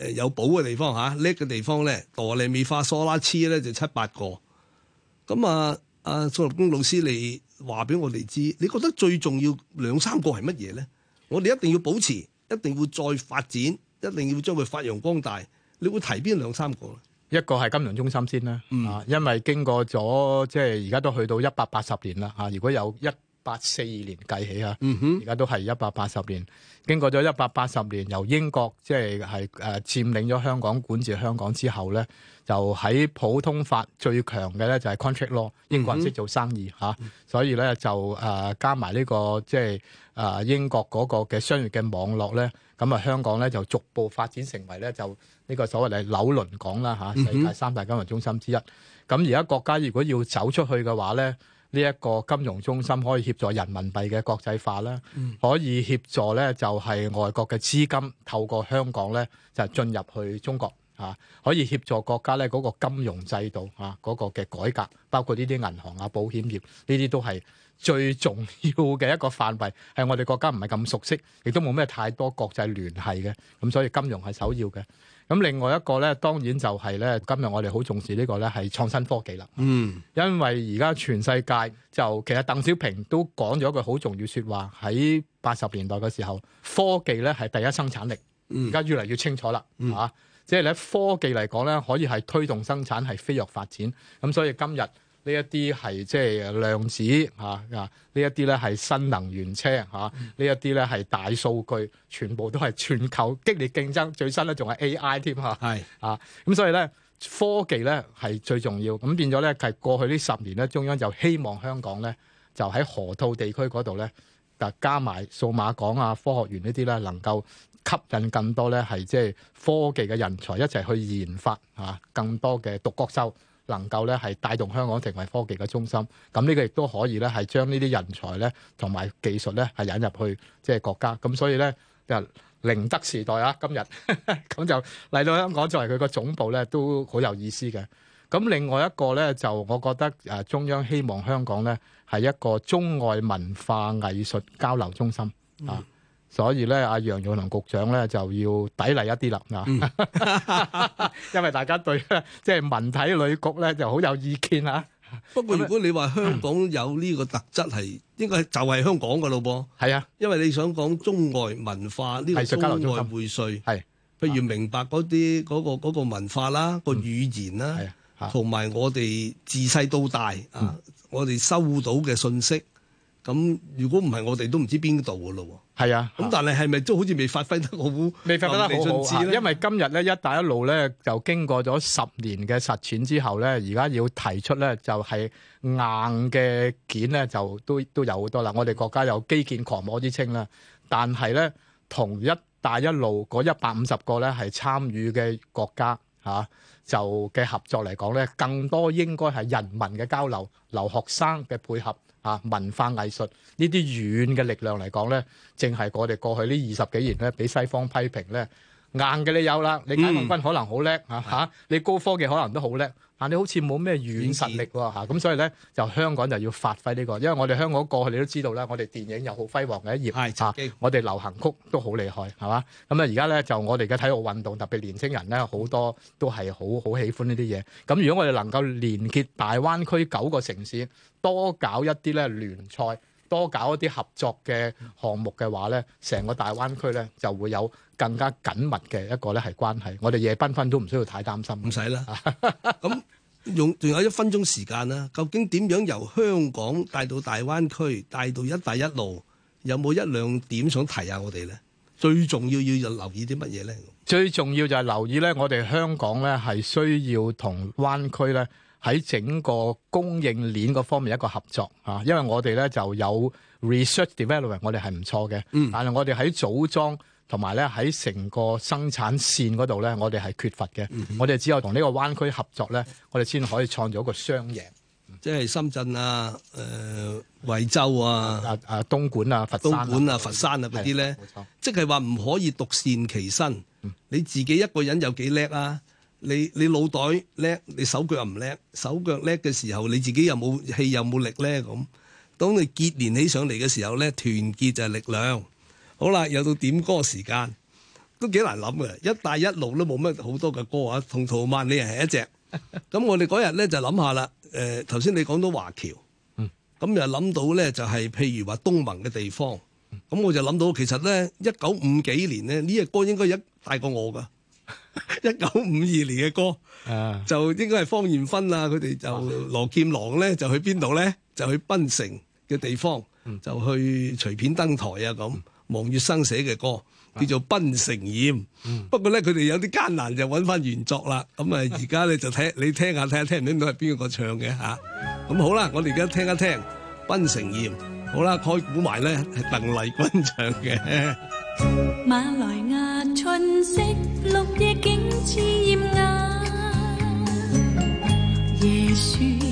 誒有寶嘅地方嚇，叻、啊、嘅、這個、地方咧，陀利美化，梳啦黐咧，就七八個。咁啊，阿宋立功老師，你話俾我哋知，你覺得最重要兩三個係乜嘢咧？我哋一定要保持，一定要再發展，一定要將佢發揚光大。你會提邊兩三個咧？一個係金融中心先啦，啊、嗯，因為經過咗即係而家都去到一百八十年啦，吓，如果有一。八四年計起啊，而家、嗯、哼都係一百八十年，經過咗一百八十年，由英國即係係誒佔領咗香港、管治香港之後咧，就喺普通法最強嘅咧就係 contract law，英國人識做生意嚇、嗯哼啊，所以咧就誒、呃、加埋呢、呢個即係誒英國嗰個嘅商業嘅網絡咧，咁啊香港咧就逐步發展成為咧就呢個所謂嘅紐倫港啦嚇、啊，世界三大金融中心之一。咁而家國家如果要走出去嘅話咧？呢一個金融中心可以協助人民幣嘅國際化啦，可以協助咧就係外國嘅資金透過香港咧就進入去中國啊，可以協助國家咧嗰個金融制度啊嗰個嘅改革，包括呢啲銀行啊、保險業呢啲都係最重要嘅一個範圍，係我哋國家唔係咁熟悉，亦都冇咩太多國際聯繫嘅，咁所以金融係首要嘅。咁另外一個咧，當然就係咧，今日我哋好重視呢個咧，係創新科技啦。嗯，因為而家全世界就其實鄧小平都講咗句好重要説話，喺八十年代嘅時候，科技咧係第一生產力。而家越嚟越清楚啦，嚇、嗯啊，即係咧科技嚟講咧，可以係推動生產係飛躍發展。咁所以今日。呢一啲係即係量子嚇啊！呢一啲咧係新能源車嚇，呢一啲咧係大數據，全部都係全球激烈競爭。最新咧仲係 AI 添嚇，係是啊！咁所以咧科技咧係最重要。咁變咗咧係過去呢十年咧，中央就希望香港咧就喺河套地區嗰度咧，嗱加埋數碼港啊、科學園呢啲咧，能夠吸引更多咧係即係科技嘅人才一齊去研發嚇更多嘅獨角獸。能夠咧係帶動香港成為科技嘅中心，咁呢個亦都可以咧係將呢啲人才咧同埋技術咧係引入去即係國家，咁所以咧就寧德時代啊今日咁 [laughs] 就嚟到香港作為佢個總部咧都好有意思嘅。咁另外一個咧就我覺得誒中央希望香港咧係一個中外文化藝術交流中心啊。嗯所以咧，阿楊潤雄局長咧就要抵力一啲啦。嗱、嗯， [laughs] [laughs] 因為大家對即係文體旅局咧就好有意見啊。不過，如果你話香港有呢個特質，係、嗯、應該就係香港噶咯噃。係啊，因為你想講中外文化呢、啊、個中外匯粹，係譬、啊、如明白嗰啲嗰個文化啦，個語言啦，同埋、嗯啊、我哋自細到大、嗯、啊，我哋收到嘅信息咁，如果唔係我哋都唔知邊度噶咯。係啊，咁但係係咪都好似未發揮得好？未發揮得好，因為今日咧，一帶一路咧就經過咗十年嘅實踐之後咧，而家要提出咧就係、是、硬嘅件咧就都都有好多啦。我哋國家有基建狂魔之稱啦，但係咧同一帶一路嗰一百五十個咧係參與嘅國家嚇、啊、就嘅合作嚟講咧，更多應該係人民嘅交流、留學生嘅配合。啊！文化藝術呢啲軟嘅力量嚟講呢正係我哋過去呢二十幾年咧，俾西方批評咧硬嘅你有啦，你解放軍可能好叻嚇嚇，你高科技可能都好叻，但你好似冇咩軟實力喎咁、啊、所以呢，就香港就要發揮呢、這個，因為我哋香港過去你都知道啦，我哋電影又好輝煌嘅一頁嚇、啊，我哋流行曲都好厲害係嘛，咁啊而家呢，就我哋嘅體育運動特別年青人呢，好多都係好好喜歡呢啲嘢，咁如果我哋能夠連結大灣區九個城市。多搞一啲咧聯賽，多搞一啲合作嘅項目嘅話咧，成個大灣區咧就會有更加緊密嘅一個咧係關係。我哋夜繽紛都唔需要太擔心。唔使啦，咁 [laughs] 用仲有一分鐘時間啦。究竟點樣由香港帶到大灣區，帶到一帶一路，有冇一兩點想提下我哋咧？最重要要留意啲乜嘢咧？最重要就係留意咧，我哋香港咧係需要同灣區咧。喺整個供應鏈嗰方面一個合作啊，因為我哋咧就有 research development，我哋係唔錯嘅，嗯、但係我哋喺組裝同埋咧喺成個生產線嗰度咧，我哋係缺乏嘅。嗯、我哋只有同呢個灣區合作咧，我哋先可以創造一個雙贏，即係深圳啊、誒、呃、惠州啊、啊啊東莞啊、佛山啊、東莞啊、佛山啊嗰啲咧，冇錯。即係話唔可以獨善其身，嗯、你自己一個人有幾叻啊？你你腦袋叻，你手腳又唔叻。手腳叻嘅時候，你自己又冇氣又冇力咧？咁當你結連起上嚟嘅時候咧，團結就係力量。好啦，有到點歌時間，都幾難諗嘅。一帶一路都冇乜好多嘅歌啊，同陶曼你係一隻。咁 [laughs] 我哋嗰日咧就諗下啦。誒，頭先你講到華僑，咁 [laughs] 又諗到咧就係、是、譬如話東盟嘅地方。咁我就諗到其實咧一九五幾年咧呢一首歌應該一大過我㗎。一九五二年嘅歌，uh, 就應該係芳艷芬啊，佢哋就羅劍郎咧 [laughs] 就去邊度咧？就去檳城嘅地方，嗯、就去隨便登台啊咁。王粵生寫嘅歌，嗯，叫做《檳城艷》，嗯，不過咧佢哋有啲艱難就揾翻原作啦。咁 [laughs] 啊，而家咧就睇你聽下睇下聽唔聽到係邊個唱嘅吓。咁好啦，我哋而家聽一聽《檳城艷》。好啦，開估埋咧係鄧麗君唱嘅。 [laughs] [laughs] 馬來亞春色，綠野景致艷雅，夜雪。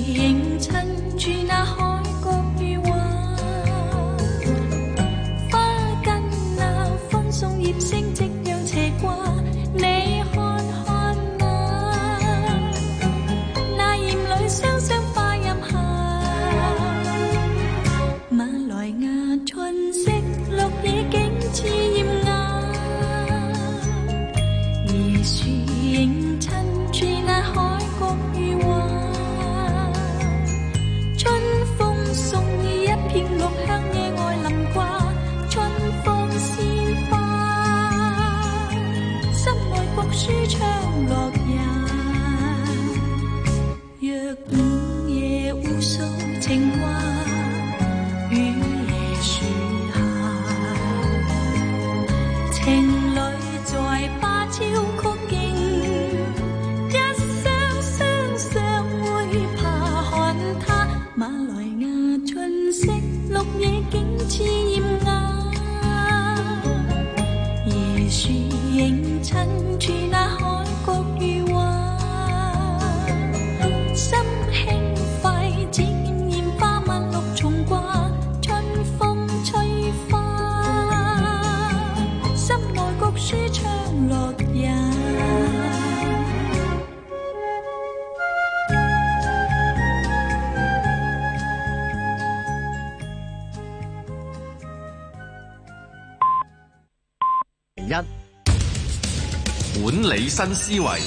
管理新思維，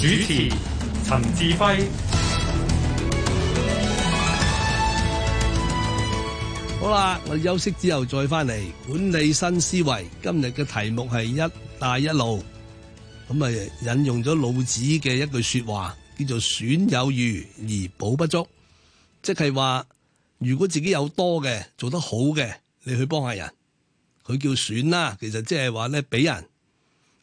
主持陳志輝。好啦，我休息之後再翻嚟。管理新思維，今日嘅題目係“一帶一路”。咁啊，引用咗老子嘅一句說話，叫做“損有餘而補不足”，即係話如果自己有多嘅，做得好嘅，你去幫下人，佢叫損啦。其實即係話咧，俾人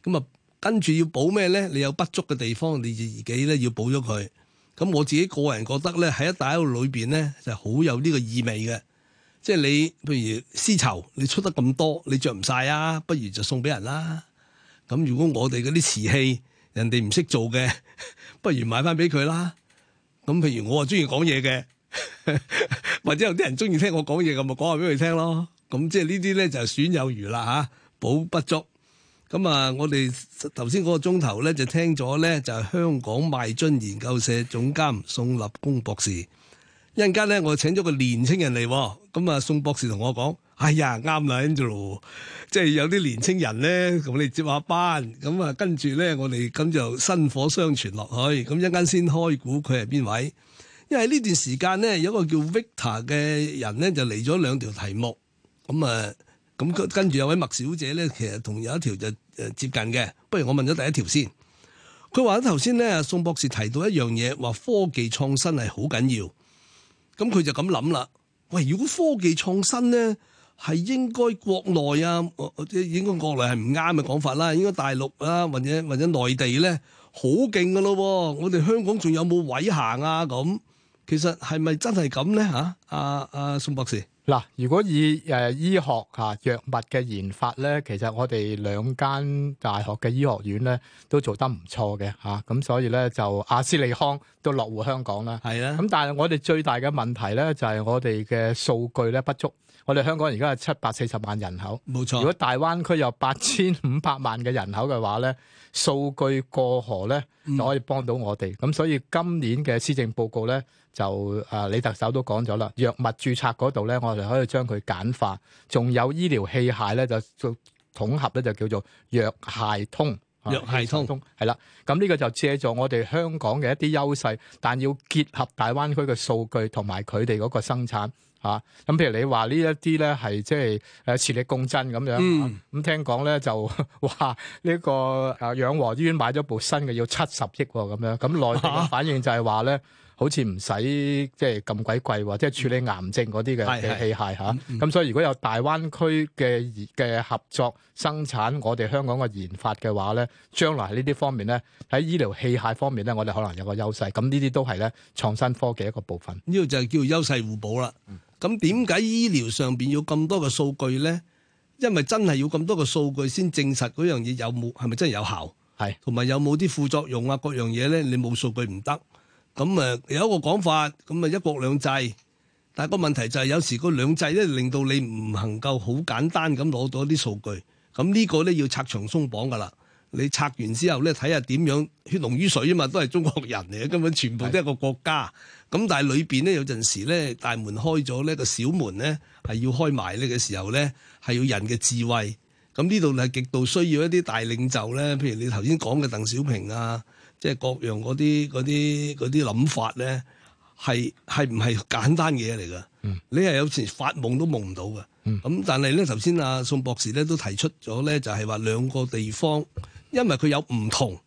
咁啊。跟住要補咩咧？你有不足嘅地方，你自己咧要補咗佢。咁我自己個人覺得咧，喺一帶一路裏邊咧，就好、是、有呢個意味嘅。即係你譬如絲綢，你出得咁多，你着唔晒啊？不如就送俾人啦。咁如果我哋嗰啲瓷器，人哋唔識做嘅， [laughs] 不如買翻俾佢啦。咁譬如我啊，中意講嘢嘅，或者有啲人中意聽我講嘢咁，咪講下俾佢聽咯。咁即係呢啲咧就損、是、有餘啦嚇、啊，補不足。咁啊、嗯，我哋頭先嗰個鐘頭咧就聽咗咧就係、是、香港邁臻研究所總監宋立功博士。一陣間咧，我請咗個年青人嚟、哦。咁、嗯、啊，宋博士同我講：，哎呀，啱啦，Andrew，即係有啲年青人咧，咁你接一下班，咁、嗯、啊跟住咧，我哋咁就薪火相傳落去。咁一陣間先開估佢係邊位？因為呢段時間咧，有一個叫 Victor 嘅人咧就嚟咗兩條題目。咁、嗯、啊。嗯咁跟住有位麥小姐咧，其實同有一條就誒接近嘅，不如我問咗第一條先。佢話咗頭先咧，宋博士提到一樣嘢，話科技創新係好緊要。咁佢就咁諗啦。喂，如果科技創新咧係應該國內啊，即係應該國內係唔啱嘅講法啦。應該大陸啊，或者或者內地咧好勁噶咯，我哋香港仲有冇位行啊？咁其實係咪真係咁咧嚇？啊、啊、啊、啊啊、宋博士。嗱，如果以誒、呃、醫學嚇、啊、藥物嘅研發咧，其實我哋兩間大學嘅醫學院咧都做得唔錯嘅嚇，咁、啊、所以咧就阿、啊、斯利康都落戶香港啦。係啦的。咁但係我哋最大嘅問題咧，就係、是、我哋嘅數據咧不足。我哋香港而家係七百四十萬人口，冇錯錯。如果大灣區有八千五百萬嘅人口嘅話咧，數據過河咧就可以幫到我哋。咁、嗯、所以今年嘅施政報告咧。就啊，李特首都講咗啦，藥物註冊嗰度咧，我哋可以將佢簡化，仲有醫療器械咧，就統合咧，就叫做藥械通。藥械、啊、通係啦，咁呢個就借助我哋香港嘅一啲優勢，但要結合大灣區嘅數據同埋佢哋嗰個生產嚇。咁、啊、譬如你話呢一啲咧，係即係誒磁力共振咁樣。嗯、啊，咁聽講咧就話呢個啊養和醫院買咗部新嘅要七十億咁樣，咁內地嘅反應就係話咧。啊啊好似唔使即係咁鬼貴，即係處理癌症嗰啲嘅器械吓。咁、嗯嗯、所以如果有大灣區嘅嘅合作生產，我哋香港嘅研發嘅話咧，將來喺呢啲方面咧，喺醫療器械方面咧，我哋可能有個優勢。咁呢啲都係咧創新科技一個部分，呢個就叫優勢互補啦。咁點解醫療上邊要咁多嘅數據咧？因為真係要咁多嘅數據先證實嗰樣嘢有冇係咪真係有效，係同埋有冇啲副作用啊？各樣嘢咧，你冇數據唔得。咁啊、嗯，有一個講法，咁、嗯、啊，一國兩制，但係個問題就係、是、有時個兩制咧，令到你唔能夠好簡單咁攞到啲數據，咁、嗯這個、呢個咧要拆牆鬆綁㗎啦。你拆完之後咧，睇下點樣血濃於水啊嘛，都係中國人嚟，嘅，根本全部都係一個國家。咁是的 但係裏邊咧有陣時咧，大門開咗呢、那個小門咧係要開埋，呢個時候咧，係要人嘅智慧。咁、嗯、呢度係極度需要一啲大領袖咧，譬如你頭先講嘅鄧小平啊。即係各樣嗰啲啲啲諗法咧，係係唔係簡單嘢嚟㗎？嗯、你係有時發夢都夢唔到㗎。咁、嗯、但係咧，頭先阿宋博士咧都提出咗咧，就係、是、話兩個地方，因為佢有唔同，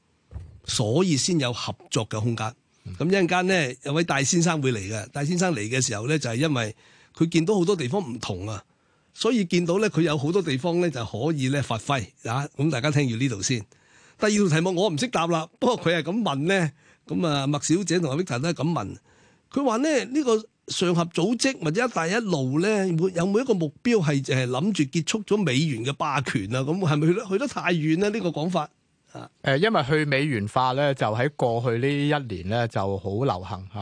所以先有合作嘅空間。咁一陣間咧有位戴先生會嚟嘅，戴先生嚟嘅時候咧就係、是、因為佢見到好多地方唔同啊，所以見到咧佢有好多地方咧就可以咧發揮啊！咁大家聽住呢度先。第二道題目我唔識答啦，不過佢係咁問咧，咁啊麥小姐同阿 Victor 都係咁問，佢話咧呢、呢個上合組織或者一帶一路咧，有冇一個目標係誒諗住結束咗美元嘅霸權啊？咁係咪去得去得太遠咧？呢個講法啊誒，因為去美元化咧，就喺過去呢一年咧就好流行嚇。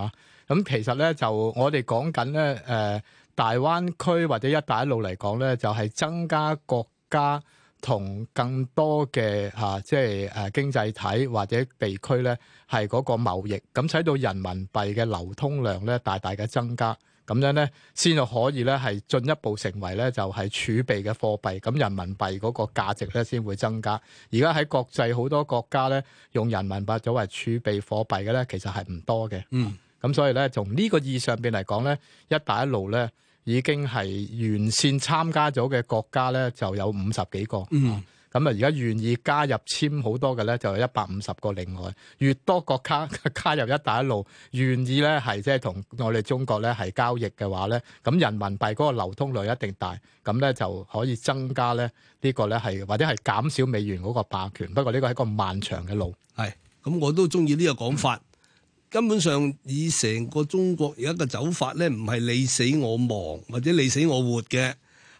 咁、啊、其實咧就我哋講緊咧誒，大灣區或者一帶一路嚟講咧，就係、是、增加國家。同更多嘅吓、啊，即係誒、啊、經濟體或者地區咧，係嗰個貿易，咁使到人民幣嘅流通量咧，大大嘅增加，咁樣咧，先至可以咧係進一步成為咧就係、是、儲備嘅貨幣，咁人民幣嗰個價值咧先會增加。而家喺國際好多國家咧，用人民幣作為儲備貨幣嘅咧，其實，係唔多嘅。嗯，咁、啊、所以咧，從呢個意義上邊嚟講咧，一帶一路咧。已經係完善參加咗嘅國家咧，就有五十幾個。咁啊、嗯，而家願意加入簽好多嘅咧，就有一百五十個。另外，越多國家呵呵加入一帶一路，願意咧係即係同我哋中國咧係交易嘅話咧，咁人民幣嗰個流通量一定大，咁咧就可以增加咧呢個咧係或者係減少美元嗰個霸權。不過呢個係一個漫長嘅路。係，咁我都鍾意呢個講法。根本上以成個中國而家嘅走法咧，唔係你死我亡或者你死我活嘅，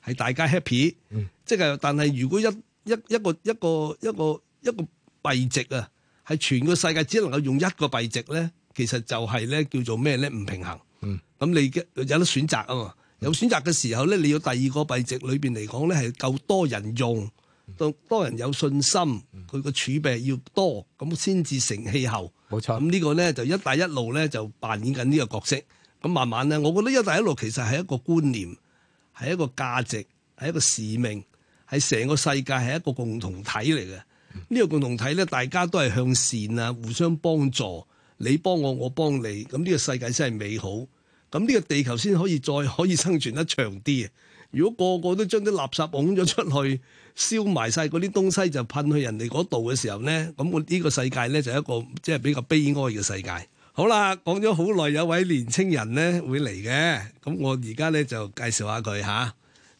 係大家 happy，嗯。即係但係如果一一一,一個一個一個一個幣值啊，係全個世界只能夠用一個幣值咧，其實就係咧叫做咩咧？唔平衡。咁、嗯、你嘅有得選擇啊嘛？有選擇嘅時候咧，你要第二個幣值裏邊嚟講咧，係夠多人用，多多人有信心，佢個儲備要多，咁先至成氣候。冇錯，咁呢個咧就一帶一路咧就扮演緊呢個角色。咁慢慢咧，我覺得一帶一路其實係一個觀念，係一個價值，係一個使命，係成個世界係一個共同體嚟嘅。呢、嗯、個共同體咧，大家都係向善啊，互相幫助，你幫我，我幫你，咁呢個世界先係美好，咁呢個地球先可以再可以生存得長啲啊！如果個個都將啲垃圾掹咗出去。燒埋晒嗰啲東西，就噴去人哋嗰度嘅時候呢，咁我呢個世界呢，就一個即係比較悲哀嘅世界。好啦，講咗好耐，有位年青人呢會嚟嘅，咁我而家呢，就介紹下佢吓。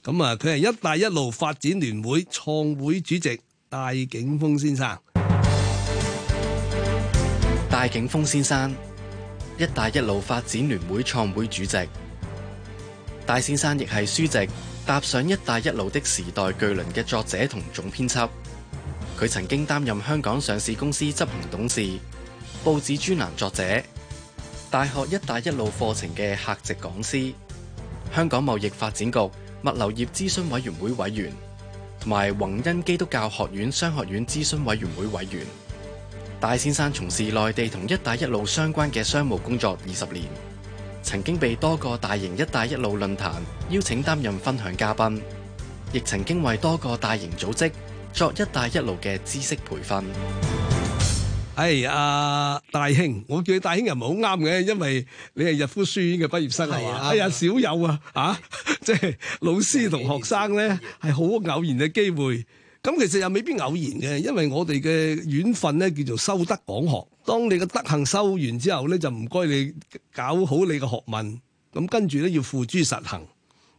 咁啊，佢係一帶一路發展聯會創會主席戴景峰先生。戴景峰先生，一帶一路發展聯會創會主席，戴先生亦係書籍。搭上“一帶一路”的時代巨輪嘅作者同總編輯，佢曾經擔任香港上市公司執行董事、報紙專欄作者、大學“一帶一路”課程嘅客席講師、香港貿易發展局物流業諮詢委員會委員，同埋宏恩基督教學院商學院諮詢委員會委員。戴先生從事內地同一帶一路相關嘅商務工作二十年。曾經被多個大型一帶一路論壇邀請擔任分享嘉賓，亦曾經為多個大型組織作一帶一路嘅知識培訓。哎呀，戴兄，我叫你戴兄又唔好啱嘅，因為你係逸夫書院嘅畢業生嚟啊。哎呀，少有啊，啊，即係老師同學生咧係好偶然嘅機會。咁其實又未必偶然嘅，因為我哋嘅緣分咧叫做修德講學。當你嘅德行修完之後咧，就唔該你搞好你嘅學問。咁跟住咧要付諸實行。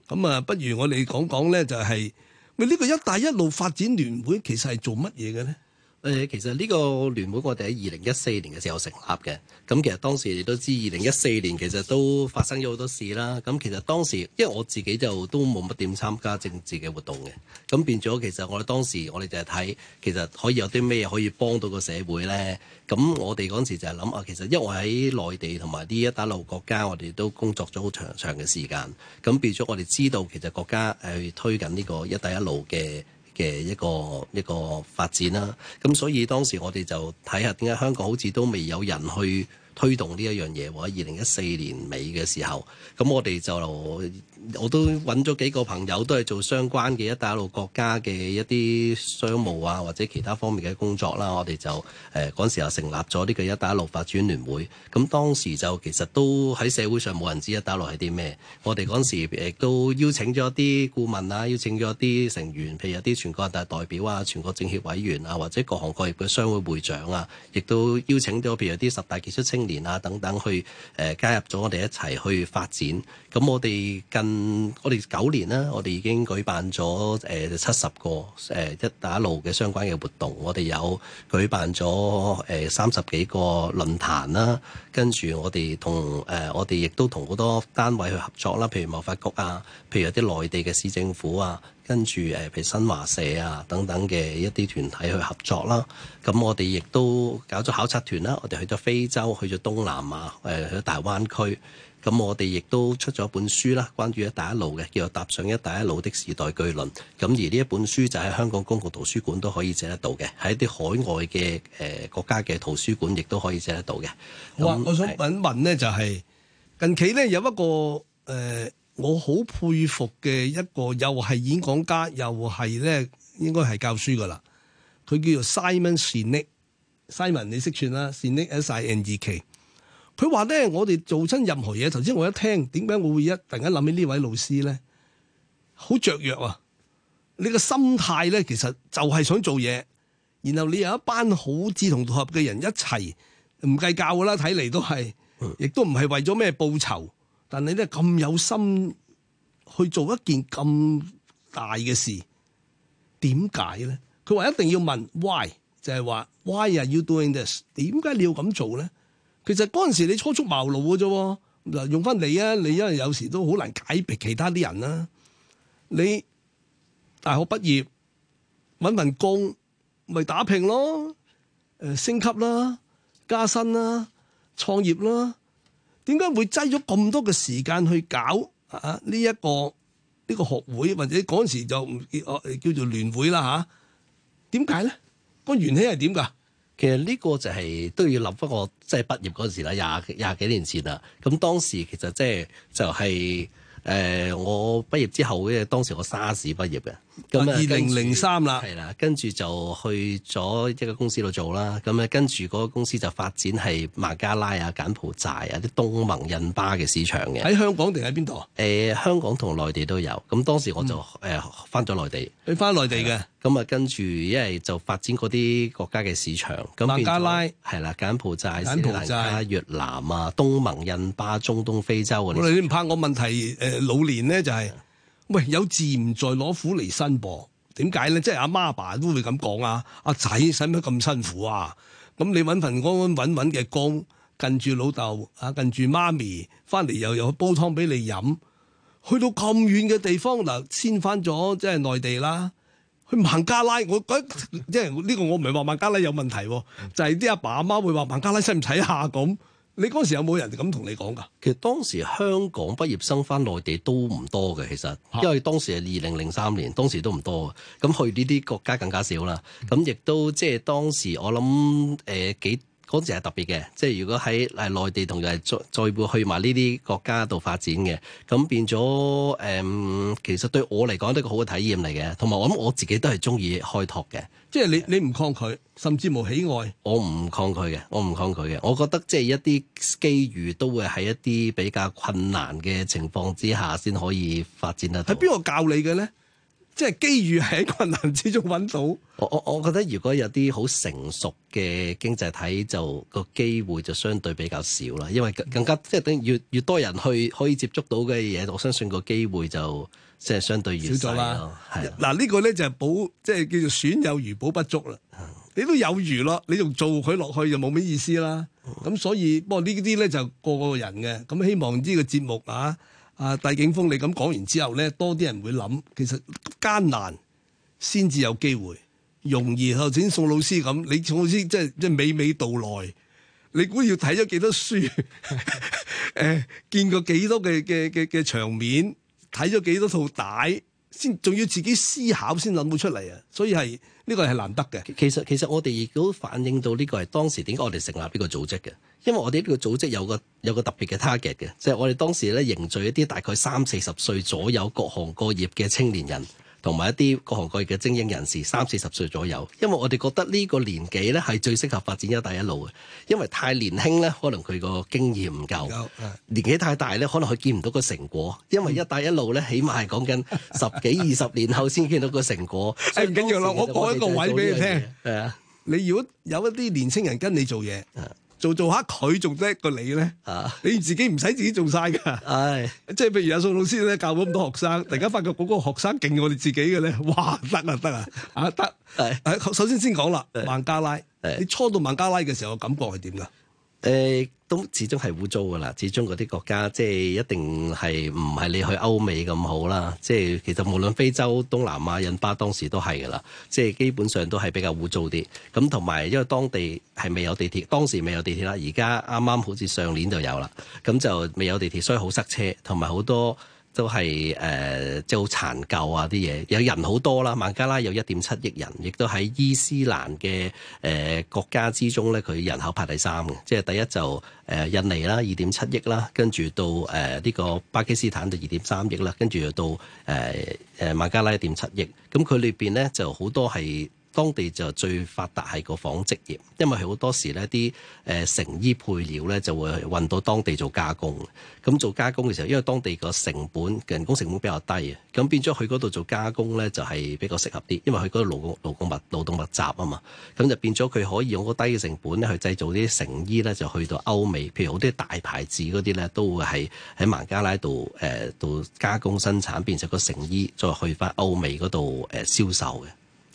咁啊，不如我哋講講咧就係，咪呢個一帶一路發展聯會其實係做乜嘢嘅咧？誒、呃，其實呢個聯會我哋喺二零一四年嘅時候成立嘅，咁其實當時你都知，二零一四年其實都發生咗好多事啦。咁其實當時，因為我自己就都冇乜點參加政治嘅活動嘅，咁變咗其實我哋當時我哋就係睇其實可以有啲咩可以幫到個社會呢？咁我哋嗰陣時就係諗啊，其實因為喺內地同埋啲一帶一路國家，我哋都工作咗好長長嘅時間。咁變咗我哋知道，其實國家係推緊呢個一帶一路嘅。嘅一個一個發展啦，咁所以當時我哋就睇下點解香港好似都未有人去推動呢一樣嘢喎，喺二零一四年尾嘅時候，咁我哋就，我都揾咗幾個朋友，都係做相關嘅一帶一路國家嘅一啲商務啊，或者其他方面嘅工作啦。我哋就誒嗰陣時又成立咗呢個一帶一路發展聯會。咁當時就其實都喺社會上冇人知一帶一路係啲咩。我哋嗰陣時亦都邀請咗啲顧問啊，邀請咗啲成員，譬如有啲全國人大代表啊、全國政協委員啊，或者各行各業嘅商會會長啊，亦都邀請咗譬如有啲十大傑出青年啊等等去誒、呃、加入咗我哋一齊去發展。咁我哋近我哋九年啦、啊，我哋已經舉辦咗誒、呃、七十個誒、呃、一帶一路嘅相關嘅活動，我哋有舉辦咗誒、呃、三十幾個論壇啦、啊，跟住我哋同誒、呃、我哋亦都同好多單位去合作啦、啊，譬如貿發局啊，譬如有啲內地嘅市政府啊，跟住誒、呃、譬如新華社啊等等嘅一啲團體去合作啦、啊。咁、嗯、我哋亦都搞咗考察團啦、啊，我哋去咗非洲，去咗東南亞誒、呃、去咗大灣區。咁我哋亦都出咗本書啦，關於一帶一路嘅，叫做《踏上一帶一路的時代巨輪》。咁而呢一本書就喺香港公共圖書館都可以借得到嘅，喺一啲海外嘅誒、呃、國家嘅圖書館亦都可以借得到嘅、嗯。我想問問呢、就是，就係是近期呢，有一個誒、呃，我好佩服嘅一個，又係演講家，又係呢應該係教書噶啦。佢叫做 Simon Sinek，Simon 你識算啦，Sinek s, inek, s, inek, s, inek, s i n 二 k 佢話咧：我哋做親任何嘢，頭先我一聽，點解我會一突然間諗起呢位老師咧？好雀躍啊！你個心態咧，其實就係想做嘢，然後你有一班好志同道合嘅人一齊，唔計較噶啦，睇嚟都係，亦都唔係為咗咩報酬。但你咧咁有心去做一件咁大嘅事，點解咧？佢話一定要問 why，就係話 why are you doing this？點解你要咁做咧？其實嗰陣時你初出茅廬嘅啫，嗱，用翻你啊，你因為有時都好難解畀其他啲人啦、啊。你大學畢業揾份工，咪打拼咯，誒、呃、升級啦、加薪啦、創業啦。點解會擠咗咁多嘅時間去搞啊呢一個呢、呢個學會或者嗰陣時就叫、啊、叫做聯會啦吓？點解咧？個原因係點噶？其實呢個就係、是、都要諗翻我即係畢業嗰時啦，廿廿幾年前啦。咁當時其實即係就係、是、誒、呃、我畢業之後嘅，當時我沙士畢業嘅。咁二零零三啦，係啦，跟住就去咗一個公司度做啦。咁啊，跟住嗰個公司就發展係孟加拉啊、柬埔寨啊啲東盟、印巴嘅市場嘅。喺香港定喺邊度？誒，香港同內地都有。咁當時我就誒翻咗內地。去翻內地嘅。咁啊，跟住一係就發展嗰啲國家嘅市場。孟加拉係啦，柬埔寨、柬埔寨、越南啊，東盟、印巴、中東、非洲嗰啲。你唔怕我問題？誒，老年咧就係。喂，有志唔在，攞苦嚟辛噃？點解咧？即係阿媽阿爸都會咁講啊！阿仔使乜咁辛苦啊？咁你揾份安安穩穩嘅工，近住老豆啊，近住媽咪，翻嚟又有煲湯俾你飲。去到咁遠嘅地方嗱，先翻咗即係內地啦，去孟加拉，我覺得即係呢個我唔係話孟加拉有問題喎，就係啲阿爸阿媽會話孟加拉使唔使下咁。你嗰時有冇人咁同你講噶？其實當時香港畢業生翻內地都唔多嘅，其實因為當時係二零零三年，當時都唔多，咁去呢啲國家更加少啦。咁亦都即係當時我諗誒、呃、幾嗰陣係特別嘅，即係如果喺誒內地同誒再再會去埋呢啲國家度發展嘅，咁變咗誒、呃，其實對我嚟講都係個好嘅體驗嚟嘅，同埋我諗我自己都係中意開拓嘅。即係你你唔抗拒，甚至冇喜愛。我唔抗拒嘅，我唔抗拒嘅。我覺得即係一啲機遇都會喺一啲比較困難嘅情況之下先可以發展得到。係邊個教你嘅咧？即係機遇喺困難之中揾到。 [laughs] 我我我覺得如果有啲好成熟嘅經濟體，就個機會就相對比較少啦。因為更加即係等於越越多人去可以接觸到嘅嘢，我相信個機會就。即係相對越細啦，係嗱呢個咧就係補，即係叫做損有餘補不足啦。你都有餘咯，你仲做佢落去就冇咩意思啦。咁所以，不過呢啲咧就個個人嘅。咁希望呢個節目啊，啊戴景峰你咁講完之後咧，多啲人會諗。其實艱難先至有機會，容易好似宋老師咁，你宋老師即係即係娓娓道來，你估要睇咗幾多書，誒，見過幾多嘅嘅嘅嘅場面。睇咗幾多套帶，先仲要自己思考先諗到出嚟啊！所以係呢個係難得嘅。其實其實我哋亦都反映到呢個係當時點解我哋成立呢個組織嘅，因為我哋呢個組織有個有個特別嘅 target 嘅，就係即係我哋當時咧凝聚一啲大概三四十歲左右各行各業嘅青年人。同埋一啲各行各業嘅精英人士，三四十歲左右，因為我哋覺得呢個年紀呢，係最適合發展一帶一路嘅，因為太年輕呢，可能佢個經驗唔夠，年紀太大呢，可能佢見唔到個成果，因為一帶一路呢，起碼係講緊十幾 [laughs] 二十年後先見到個成果。唔緊要啦，我講一個位俾你，你聽，係啊，你如果有一啲年青人跟你做嘢。嗯做做下佢仲叻過你咧，你自己唔使自己做晒噶。係、哎，即係譬如阿宋老師咧教咗咁多學生，突然間發覺嗰個學生勁過我哋自己嘅咧，哇！得啊得啊，啊得！係、啊，啊哎、首先先講啦，哎、孟加拉，哎、你初到孟加拉嘅時候感覺係點噶？誒、哎。都始終係污糟㗎啦，始終嗰啲國家即係一定係唔係你去歐美咁好啦。即係其實無論非洲、東南亞、印巴當時都係㗎啦，即係基本上都係比較污糟啲。咁同埋因為當地係未有地鐵，當時未有地鐵啦，而家啱啱好似上年就有啦，咁就未有地鐵，所以好塞車，同埋好多。都係誒，即係好殘舊啊，啲嘢，有人好多啦，孟加拉有一點七億人，亦都喺伊斯蘭嘅誒、呃、國家之中咧，佢人口排第三嘅，即係第一就誒、呃、印尼啦，二點七億啦，跟住到誒呢個巴基斯坦就二點三億啦，跟住又到誒誒、呃、孟加拉一點七億，咁佢裏邊咧就好多係。當地就最發達係個紡織業，因為好多時呢啲誒成衣配料呢就會運到當地做加工。咁做加工嘅時候，因為當地個成本人工成本比較低，咁變咗去嗰度做加工呢就係比較適合啲，因為佢嗰度勞工勞工密勞動密集啊嘛。咁就變咗佢可以用個低嘅成本咧去製造啲成衣呢，就去到歐美，譬如好啲大牌子嗰啲呢，都會係喺孟加拉度誒度加工生產，變成個成衣再去翻歐美嗰度誒銷售嘅。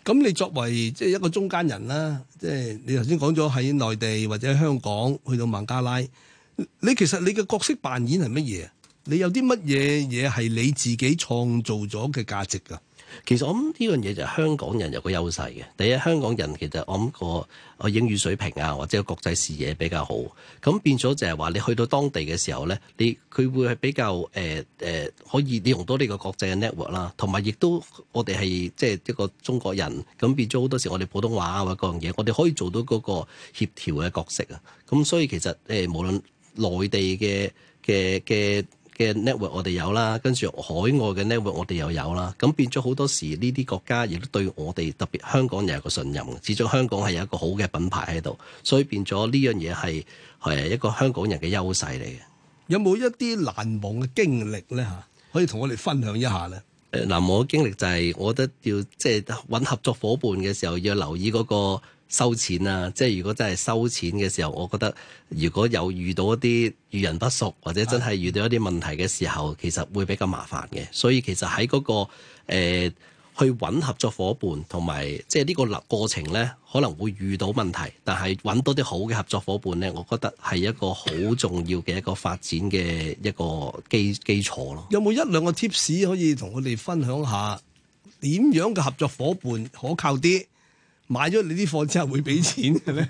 咁你作為即係一個中間人啦，即係你頭先講咗喺內地或者香港去到孟加拉，你其實你嘅角色扮演係乜嘢？你有啲乜嘢嘢係你自己創造咗嘅價值㗎？其實我諗呢樣嘢就係香港人有個優勢嘅。第一，香港人其實我諗個誒英語水平啊，或者個國際視野比較好。咁變咗就係話你去到當地嘅時候咧，你佢會係比較誒誒、呃呃，可以利用多呢個國際嘅 network 啦、啊。同埋亦都我哋係即係一個中國人，咁變咗好多時我哋普通話啊，或各樣嘢，我哋可以做到嗰個協調嘅角色啊。咁所以其實誒、呃，無論內地嘅嘅嘅。嘅 network 我哋有啦，跟住海外嘅 network 我哋又有啦，咁變咗好多時呢啲國家亦都對我哋特別香港人有個信任嘅，始終香港係有一個好嘅品牌喺度，所以變咗呢樣嘢係係一個香港人嘅優勢嚟嘅。有冇一啲難忘嘅經歷咧吓，可以同我哋分享一下咧？難忘嘅經歷就係我覺得要即係揾合作伙伴嘅時候要留意嗰個。收錢啊！即係如果真係收錢嘅時候，我覺得如果有遇到一啲遇人不淑，或者真係遇到一啲問題嘅時候，其實會比較麻煩嘅。所以其實喺嗰個、呃、去揾合作伙伴同埋，即係呢個立過程呢，可能會遇到問題。但係揾到啲好嘅合作伙伴呢，我覺得係一個好重要嘅一個發展嘅一個基基礎咯。有冇一兩個 tips 可以同我哋分享下，點樣嘅合作伙伴可靠啲？買咗你啲貨之後會俾錢嘅咧？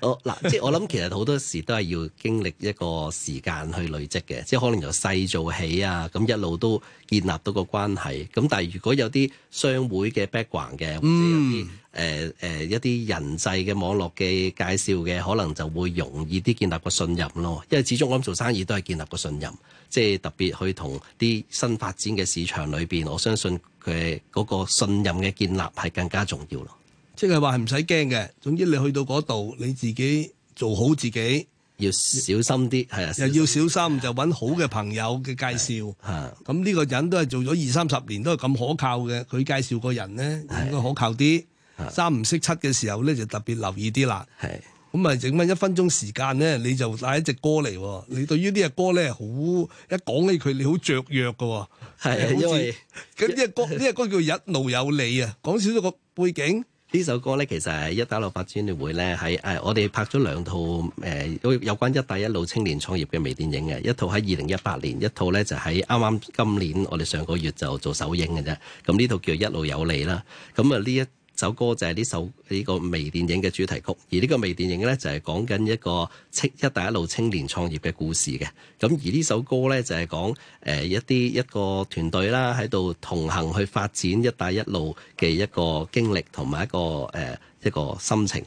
哦嗱，即係我諗，其實好多時都係要經歷一個時間去累積嘅，即係可能由細做起啊，咁一路都建立到個關係。咁但係如果有啲商會嘅 background 嘅，或者有啲誒誒一啲人際嘅網絡嘅介紹嘅，嗯、可能就會容易啲建立個信任咯。因為始終我諗做生意都係建立個信任，即係特別去同啲新發展嘅市場裏邊，我相信佢嗰個信任嘅建立係更加重要咯。即係話係唔使驚嘅，總之你去到嗰度，你自己做好自己，要小心啲，係啊，又要小心、啊、就揾好嘅朋友嘅介紹，咁呢、啊、個人都係做咗二三十年，都係咁可靠嘅，佢介紹個人咧應該可靠啲。啊、三唔識七嘅時候咧，就特別留意啲啦。係咁啊，整返一分鐘時間咧，你就帶一隻歌嚟。你對於呢隻歌咧，好一講起佢，你、啊、好雀躍㗎喎。係，因為咁呢隻歌呢隻歌叫一路有你啊，講少咗個背景。呢首歌呢，其實係一帶一路發展會呢，喺誒我哋拍咗兩套誒、呃，有關一帶一路青年創業嘅微電影嘅，一套喺二零一八年，一套呢就喺啱啱今年，我哋上個月就做首映嘅啫。咁呢套叫一路有你啦。咁啊呢一首歌就係呢首呢、這個微電影嘅主題曲，而呢個微電影呢，就係講緊一個青一帶一路青年創業嘅故事嘅。咁而呢首歌呢，就係講誒一啲一個團隊啦，喺度同行去發展一帶一路嘅一個經歷同埋一個誒一,一個心情。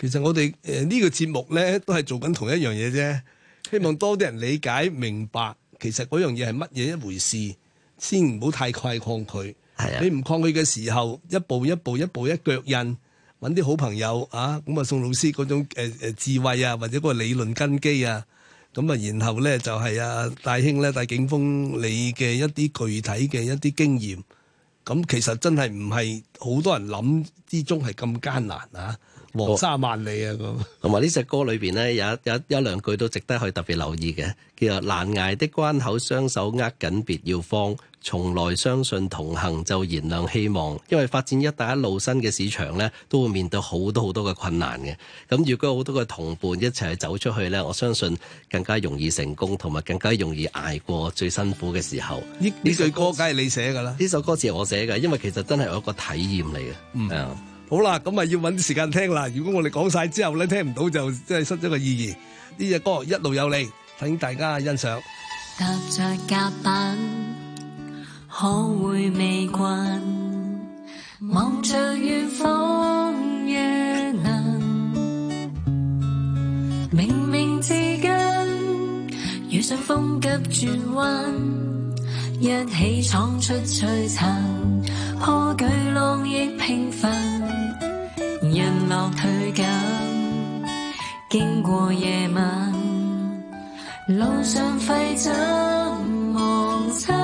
其實我哋呢、呃這個節目呢，都係做緊同一樣嘢啫，希望多啲人理解明白，其實嗰樣嘢係乜嘢一回事，先唔好太快抗拒。你唔抗拒嘅時候，一步一步、一步一腳印，揾啲好朋友啊，咁啊宋老師嗰種誒誒、呃、智慧啊，或者嗰個理論根基啊，咁、就是、啊，然後咧就係啊戴兄呢，戴景峰你嘅一啲具體嘅一啲經驗，咁其實真係唔係好多人諗之中係咁艱難啊。黃沙萬里啊！咁同埋呢隻歌裏邊呢，有有一,一,一,一兩句都值得去特別留意嘅，叫做難捱的關口，雙手握緊別要放，從來相信同行就燃亮希望。因為發展一帶一路新嘅市場呢，都會面對好多好多嘅困難嘅。咁如果好多嘅同伴一齊走出去呢，我相信更加容易成功，同埋更加容易捱過最辛苦嘅時候。呢句歌梗係你寫㗎啦，呢首歌詞係我寫嘅，因為其實真係有一個體驗嚟嘅。嗯。好啦，咁咪要搵啲時間聽啦。如果我哋講晒之後咧，聽唔到，就真係失咗個意義。呢隻歌一路有你，請大家欣賞。踏着甲板，可會未慣？望着遠方夜藍，明明之間遇上風急轉彎，一起闖出璀璨。破巨浪亦平凡，人落退緊。經過夜晚，路上廢寢忘餐。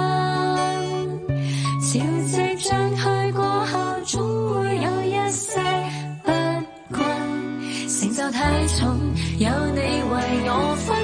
潮汐漲退過後，總會有一些不慣，承受太重，有你為我分。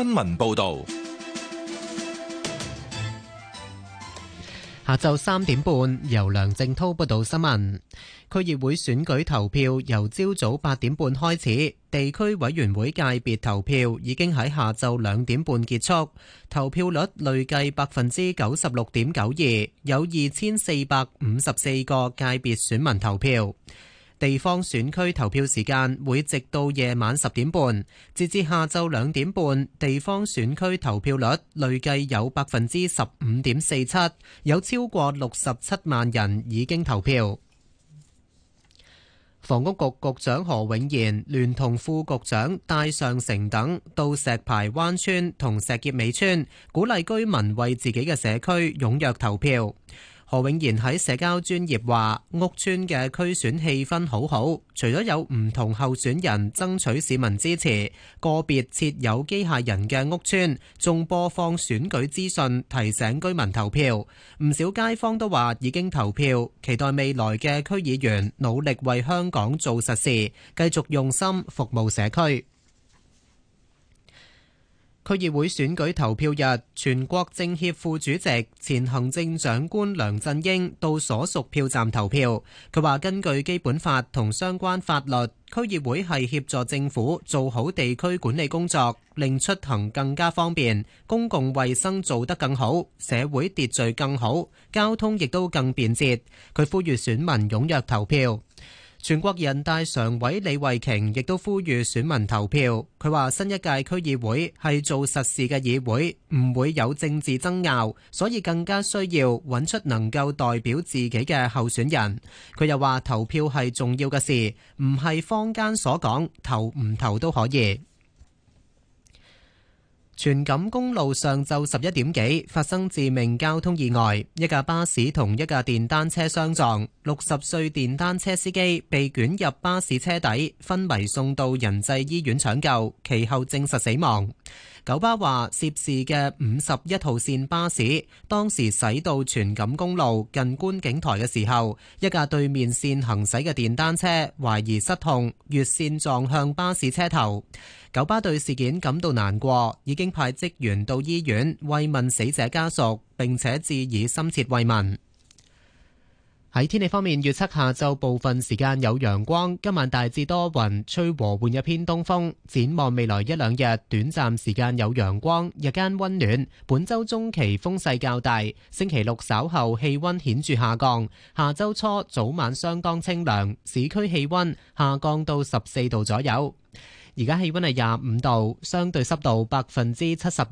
新聞報道。下晝三點半，由梁正濤報道新聞。區議會選舉投票由朝早八點半開始，地區委員會界別投票已經喺下晝兩點半結束，投票率累計百分之九十六點九二，有二千四百五十四個界別選民投票。地方選區投票時間會直到夜晚十點半，截至下晝兩點半，地方選區投票率累計有百分之十五點四七，有超過六十七萬人已經投票。房屋局局長何永賢聯同副局長戴尚成等到石排灣村同石硤尾村，鼓勵居民為自己嘅社區踴躍投票。何永賢喺社交專頁話，屋邨嘅區選氣氛好好，除咗有唔同候選人爭取市民支持，個別設有機械人嘅屋邨仲播放選舉資訊，提醒居民投票。唔少街坊都話已經投票，期待未來嘅區議員努力為香港做實事，繼續用心服務社區。區議會選舉投票日，全國政協副主席、前行政長官梁振英到所屬票站投票。佢話：根據基本法同相關法律，區議會係協助政府做好地區管理工作，令出行更加方便，公共衛生做得更好，社會秩序更好，交通亦都更便捷。佢呼籲選民踴躍投票。全國人大常委李慧瓊亦都呼籲選民投票。佢話新一屆區議會係做實事嘅議會，唔會有政治爭拗，所以更加需要揾出能夠代表自己嘅候選人。佢又話投票係重要嘅事，唔係坊間所講投唔投都可以。荃錦公路上晝十一點幾發生致命交通意外，一架巴士同一架電單車相撞，六十歲電單車司機被捲入巴士車底，昏迷送到仁濟醫院搶救，其後證實死亡。九巴話涉事嘅五十一號線巴士當時駛到荃錦公路近觀景台嘅時候，一架對面線行駛嘅電單車懷疑失控越線撞向巴士車頭。九巴對事件感到難過，已經派職員到醫院慰問死者家屬，並且致以深切慰問。喺天氣方面，預測下晝部分時間有陽光，今晚大致多雲，吹和緩一偏東風。展望未來一兩日，短暫時間有陽光，日間溫暖。本周中期風勢較大，星期六稍後氣溫顯著下降。下周初早晚相當清涼，市區氣溫下降到十四度左右。而家氣溫係廿五度，相對濕度百分之七十二，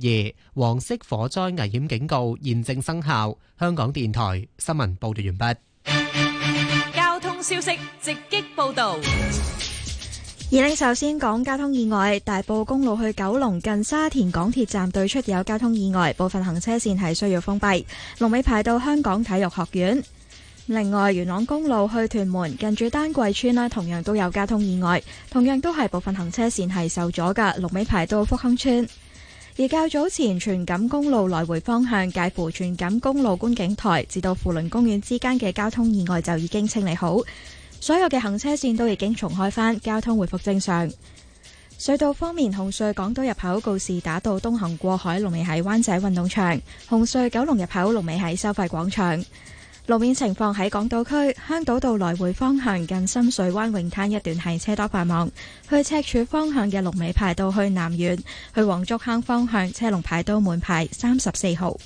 黃色火災危險警告現正生效。香港電台新聞報道完畢。交通消息直擊報道。而你首先講交通意外，大埔公路去九龍近沙田港鐵站對出有交通意外，部分行車線係需要封閉，龍尾排到香港體育學院。另外，元朗公路去屯門近住丹桂村咧，同樣都有交通意外，同樣都係部分行車線係受阻噶，龍尾排到福亨村。而較早前，荃錦公路來回方向介乎荃錦公路觀景台至到扶輪公園之間嘅交通意外就已經清理好，所有嘅行車線都已經重開返。交通回復正常。隧道方面，紅隧港島入口告士打道東行過海，龍尾喺灣仔運動場，紅隧九龍入口龍尾喺收費廣場。路面情況喺港島區香島道來回方向近深水灣泳灘一段係車多繁忙，去赤柱方向嘅龍尾排到去南園，去黃竹坑方向車龍排到滿排三十四號。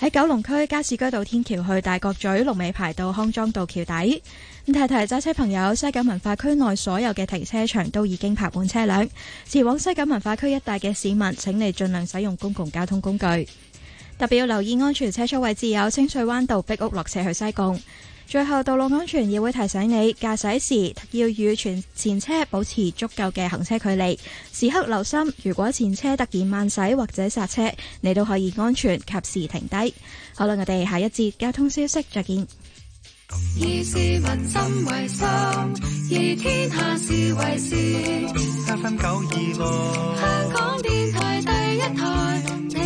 喺九龍區加士居道天橋去大角咀龍尾排到康莊道橋底。咁提提揸車朋友，西九文化區內所有嘅停車場都已經排滿車輛，前往西九文化區一帶嘅市民，請你盡量使用公共交通工具。特別要留意安全車速位置有清水灣道、碧屋，落斜去西貢。最後，道路安全也會提醒你，駕駛時要與前前車保持足夠嘅行車距離，時刻留心。如果前車突然慢駛或者剎車，你都可以安全及時停低。好啦，我哋下一節交通消息再見。以市民心為心，以天下事為事。香港電台第一台。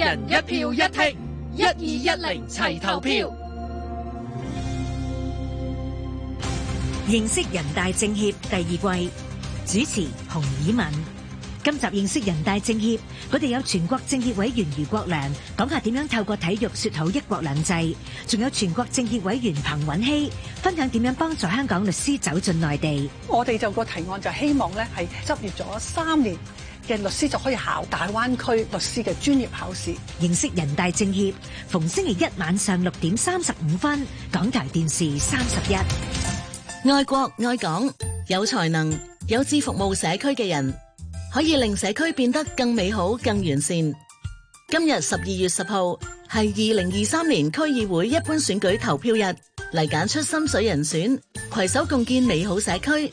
一人一票一聽，一二一零齊投票。認識人大政協第二季主持洪以文。今集認識人大政協，佢哋有全國政協委員余國良講下點樣透過體育說好一國兩制，仲有全國政協委員彭允熙分享點樣幫助香港律師走進內地。我哋就個提案，就希望咧係執業咗三年。嘅律師就可以考大灣區律師嘅專業考試。認識人大政協，逢星期一晚上六點三十五分，港台電視三十一。愛國愛港，有才能、有志服務社區嘅人，可以令社區變得更美好、更完善。今日十二月十號係二零二三年區議會一般選舉投票日，嚟揀出心水人選，攜手共建美好社區。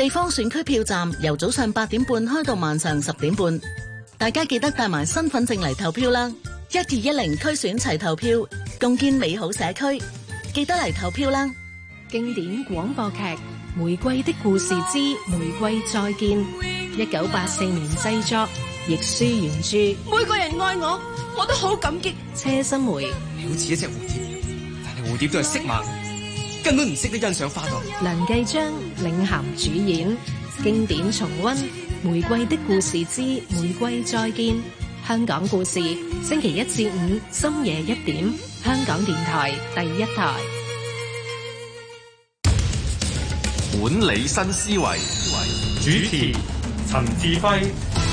地方選區票站由早上八點半開到晚上十點半，大家記得帶埋身份證嚟投票啦！一二一零區選齊投票，共建美好社區，記得嚟投票啦！經典廣播劇《玫瑰的故事之玫瑰再見》，一九八四年製作，亦舒原著。每個人愛我，我都好感激。車心梅，你好似一隻蝴蝶，但係蝴蝶都係色盲，根本唔識得欣賞花朵。梁繼章，領銜主演，經典重溫《玫瑰的故事之玫瑰再見》。香港故事，星期一至五深夜一點，香港電台第一台。管理新思維，主持陳志輝。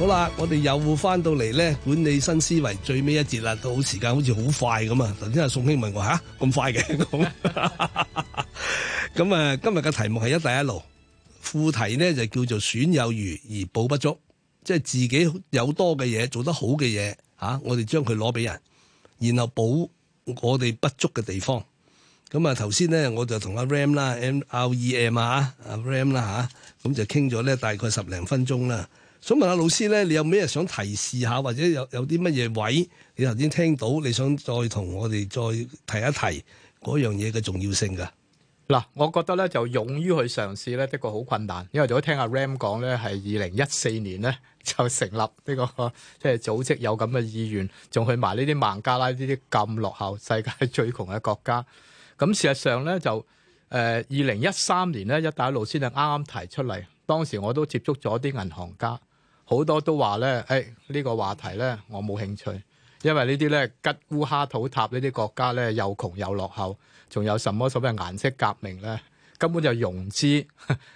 好啦，我哋又翻到嚟咧，管理新思維最尾一節啦，到時間好似好快咁啊！頭先阿宋兄問我吓咁快嘅，咁啊，今日嘅題目係一帶一路，副題咧就叫做“損有餘而補不足”，即係自己有多嘅嘢做得好嘅嘢啊，我哋將佢攞俾人，然後補我哋不足嘅地方。咁啊，頭先咧我就同阿 Ram 啦，M R E, M, R E, M, R E M 啊，阿 Ram 啦吓，咁就傾咗咧大概十零分鐘啦。想問下老師咧，你有咩想提示下，或者有有啲乜嘢位？你頭先聽到，你想再同我哋再提一提嗰樣嘢嘅重要性㗎？嗱，我覺得咧就勇於去嘗試咧，的確好困難。因為就聽阿 Ram 講咧，係二零一四年咧就成立呢個即係組織，有咁嘅意願，仲去埋呢啲孟加拉呢啲咁落後、世界最窮嘅國家。咁事實上咧就誒二零一三年咧，一帶一路先係啱啱提出嚟，當時我都接觸咗啲銀行家。好多都話咧，誒呢個話題咧，我冇興趣，因為呢啲咧吉烏哈土塔呢啲國家咧又窮又落後，仲有什麼所謂顏色革命咧，根本就融資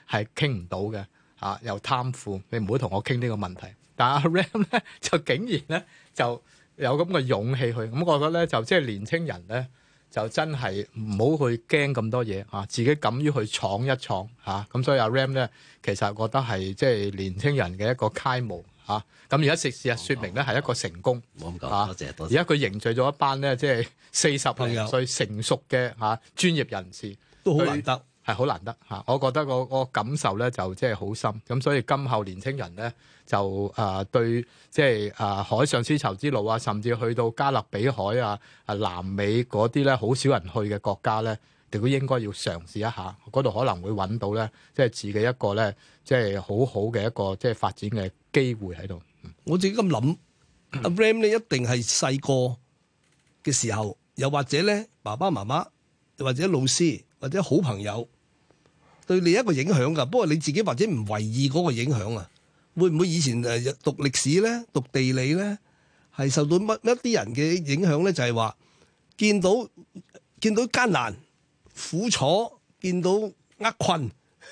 係傾唔到嘅，嚇又貪腐，你唔好同我傾呢個問題。但阿 Ram 咧就竟然咧就有咁嘅勇氣去，咁我覺得咧就即係年青人咧。就真係唔好去驚咁多嘢嚇，自己敢於去闖一闖嚇，咁、啊、所以阿、啊、Ram 咧，其實覺得係即係年青人嘅一個楷模嚇。咁而家食事實説明咧係一個成功嚇、啊，多謝多謝。而家佢凝聚咗一班咧即係四十零歲成熟嘅嚇、啊、專業人士，都好難得。如係好難得嚇，我覺得我個感受咧就即係好深，咁所以今後年青人咧就誒、呃、對即係誒、啊、海上絲綢之路啊，甚至去到加勒比海啊、啊南美嗰啲咧，好少人去嘅國家咧，亦都應該要嘗試一下，嗰度可能會揾到咧，即係自己一個咧，即係好好嘅一個即係發展嘅機會喺度。我自己咁諗阿 Ram 咧，一定係細個嘅時候，又或者咧爸爸媽媽，又或者老師，或者好朋友。對你一個影響㗎，不過你自己或者唔為意嗰個影響啊？會唔會以前誒讀歷史咧、讀地理咧，係受到乜一啲人嘅影響咧？就係話見到見到艱難苦楚，見到厄困，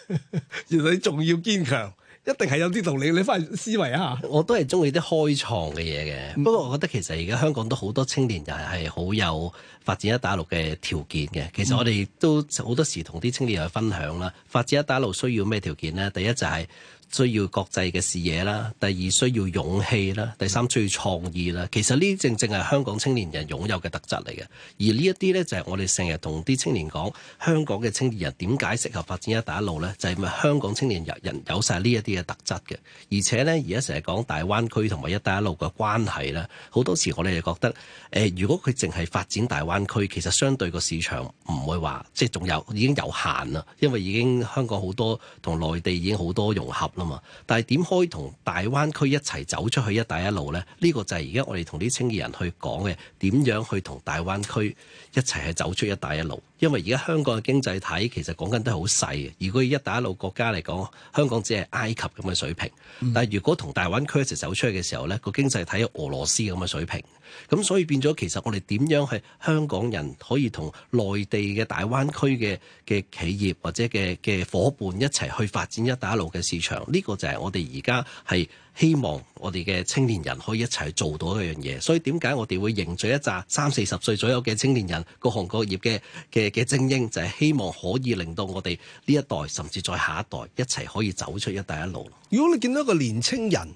[laughs] 原來你仲要堅強。一定係有啲道理，你翻去思維下，我都係中意啲開創嘅嘢嘅。嗯、不過我覺得其實而家香港都好多青年就係好有發展一帶一路嘅條件嘅。其實我哋都好多時同啲青年去分享啦，發展一帶一路需要咩條件呢？第一就係、是。需要國際嘅視野啦，第二需要勇氣啦，第三需要創意啦。其實呢啲正正係香港青年人擁有嘅特質嚟嘅。而呢一啲呢，就係我哋成日同啲青年講，香港嘅青年人點解適合發展一帶一路呢？就係咪香港青年人有晒呢一啲嘅特質嘅。而且呢，而家成日講大灣區同埋一帶一路嘅關係啦，好多時我哋就覺得，誒，如果佢淨係發展大灣區，其實相對個市場唔會話即係仲有已經有限啦，因為已經香港好多同內地已經好多融合。嘛，但係點可以同大灣區一齊走出去一帶一路呢？呢、呢個就係而家我哋同啲青年人去講嘅，點樣去同大灣區一齊去走出一帶一路？因為而家香港嘅經濟體其實講緊都係好細嘅，如果一帶一路國家嚟講，香港只係埃及咁嘅水平。但係如果同大灣區一齊走出去嘅時候，呢個經濟體係俄羅斯咁嘅水平。咁所以變咗，其實我哋點樣係香港人可以同內地嘅大灣區嘅嘅企業或者嘅嘅夥伴一齊去發展一帶一路嘅市場？呢個就係我哋而家係希望我哋嘅青年人可以一齊做到一樣嘢。所以點解我哋會凝聚一紮三四十歲左右嘅青年人，各行各業嘅嘅嘅精英，就係希望可以令到我哋呢一代甚至再下一代一齊可以走出一帶一路。如果你見到一個年青人，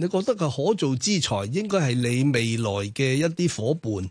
你覺得佢可造之才應該係你未來嘅一啲伙伴，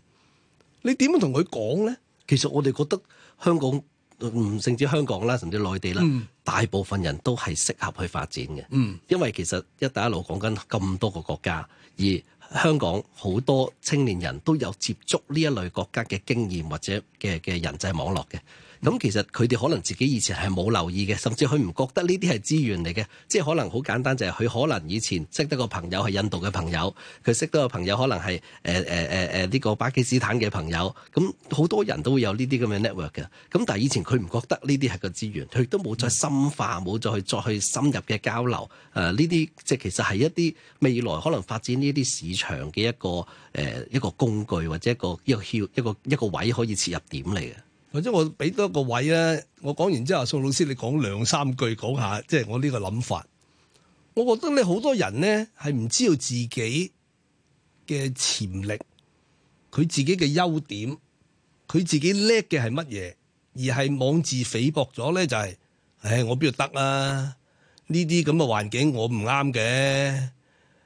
你點樣同佢講呢？其實我哋覺得香港唔甚至香港啦，甚至內地啦，嗯、大部分人都係適合去發展嘅。嗯、因為其實一帶一路講緊咁多個國家，而香港好多青年人都有接觸呢一類國家嘅經驗或者嘅嘅人際網絡嘅。咁其實佢哋可能自己以前係冇留意嘅，甚至佢唔覺得呢啲係資源嚟嘅，即係可能好簡單就係佢可能以前識得個朋友係印度嘅朋友，佢識得個朋友可能係誒誒誒誒呢個巴基斯坦嘅朋友，咁好多人都會有呢啲咁嘅 network 嘅。咁但係以前佢唔覺得呢啲係個資源，佢亦都冇再深化，冇再去再去深入嘅交流。誒呢啲即係其實係一啲未來可能發展呢啲市場嘅一個誒、呃、一個工具或者一個一個撬一個一個位可以切入點嚟嘅。或者我俾多個位啊！我講完之後，宋老師你講兩三句講下，即係我呢個諗法。我覺得咧，好多人咧係唔知道自己嘅潛力，佢自己嘅優點，佢自己叻嘅係乜嘢，而係妄自菲薄咗咧就係，唉，我邊度得啦？呢啲咁嘅環境我唔啱嘅。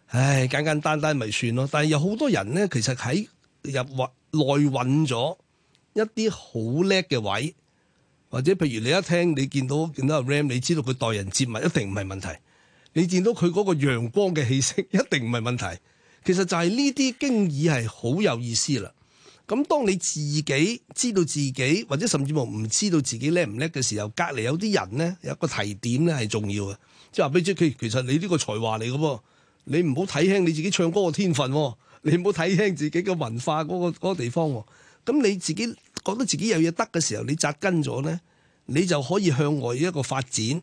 唉，簡簡單單咪算咯。但係有好多人咧，其實喺入運內運咗。一啲好叻嘅位，或者譬如你一聽你見到見到阿 Ram，你知道佢待人接物一定唔係問題。你見到佢嗰個陽光嘅氣息，一定唔係問題。其實就係呢啲經已係好有意思啦。咁當你自己知道自己或者甚至乎唔知道自己叻唔叻嘅時候，隔離有啲人咧有一個提點咧係重要嘅。即係話俾即佢，其實你呢個才華嚟嘅噃，你唔好睇輕你自己唱歌嘅天分，你唔好睇輕自己嘅文化嗰個嗰個地方。咁你自己覺得自己有嘢得嘅時候，你紮根咗咧，你就可以向外一個發展。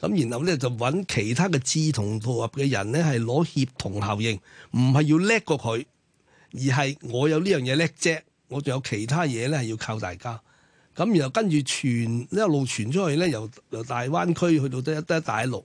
咁然後咧就揾其他嘅志同道合嘅人咧，係攞協同效應，唔係要叻過佢，而係我有呢樣嘢叻啫，我仲有其他嘢咧係要靠大家。咁然後跟住傳呢一路傳出去咧，由由大灣區去到得一得一大陸。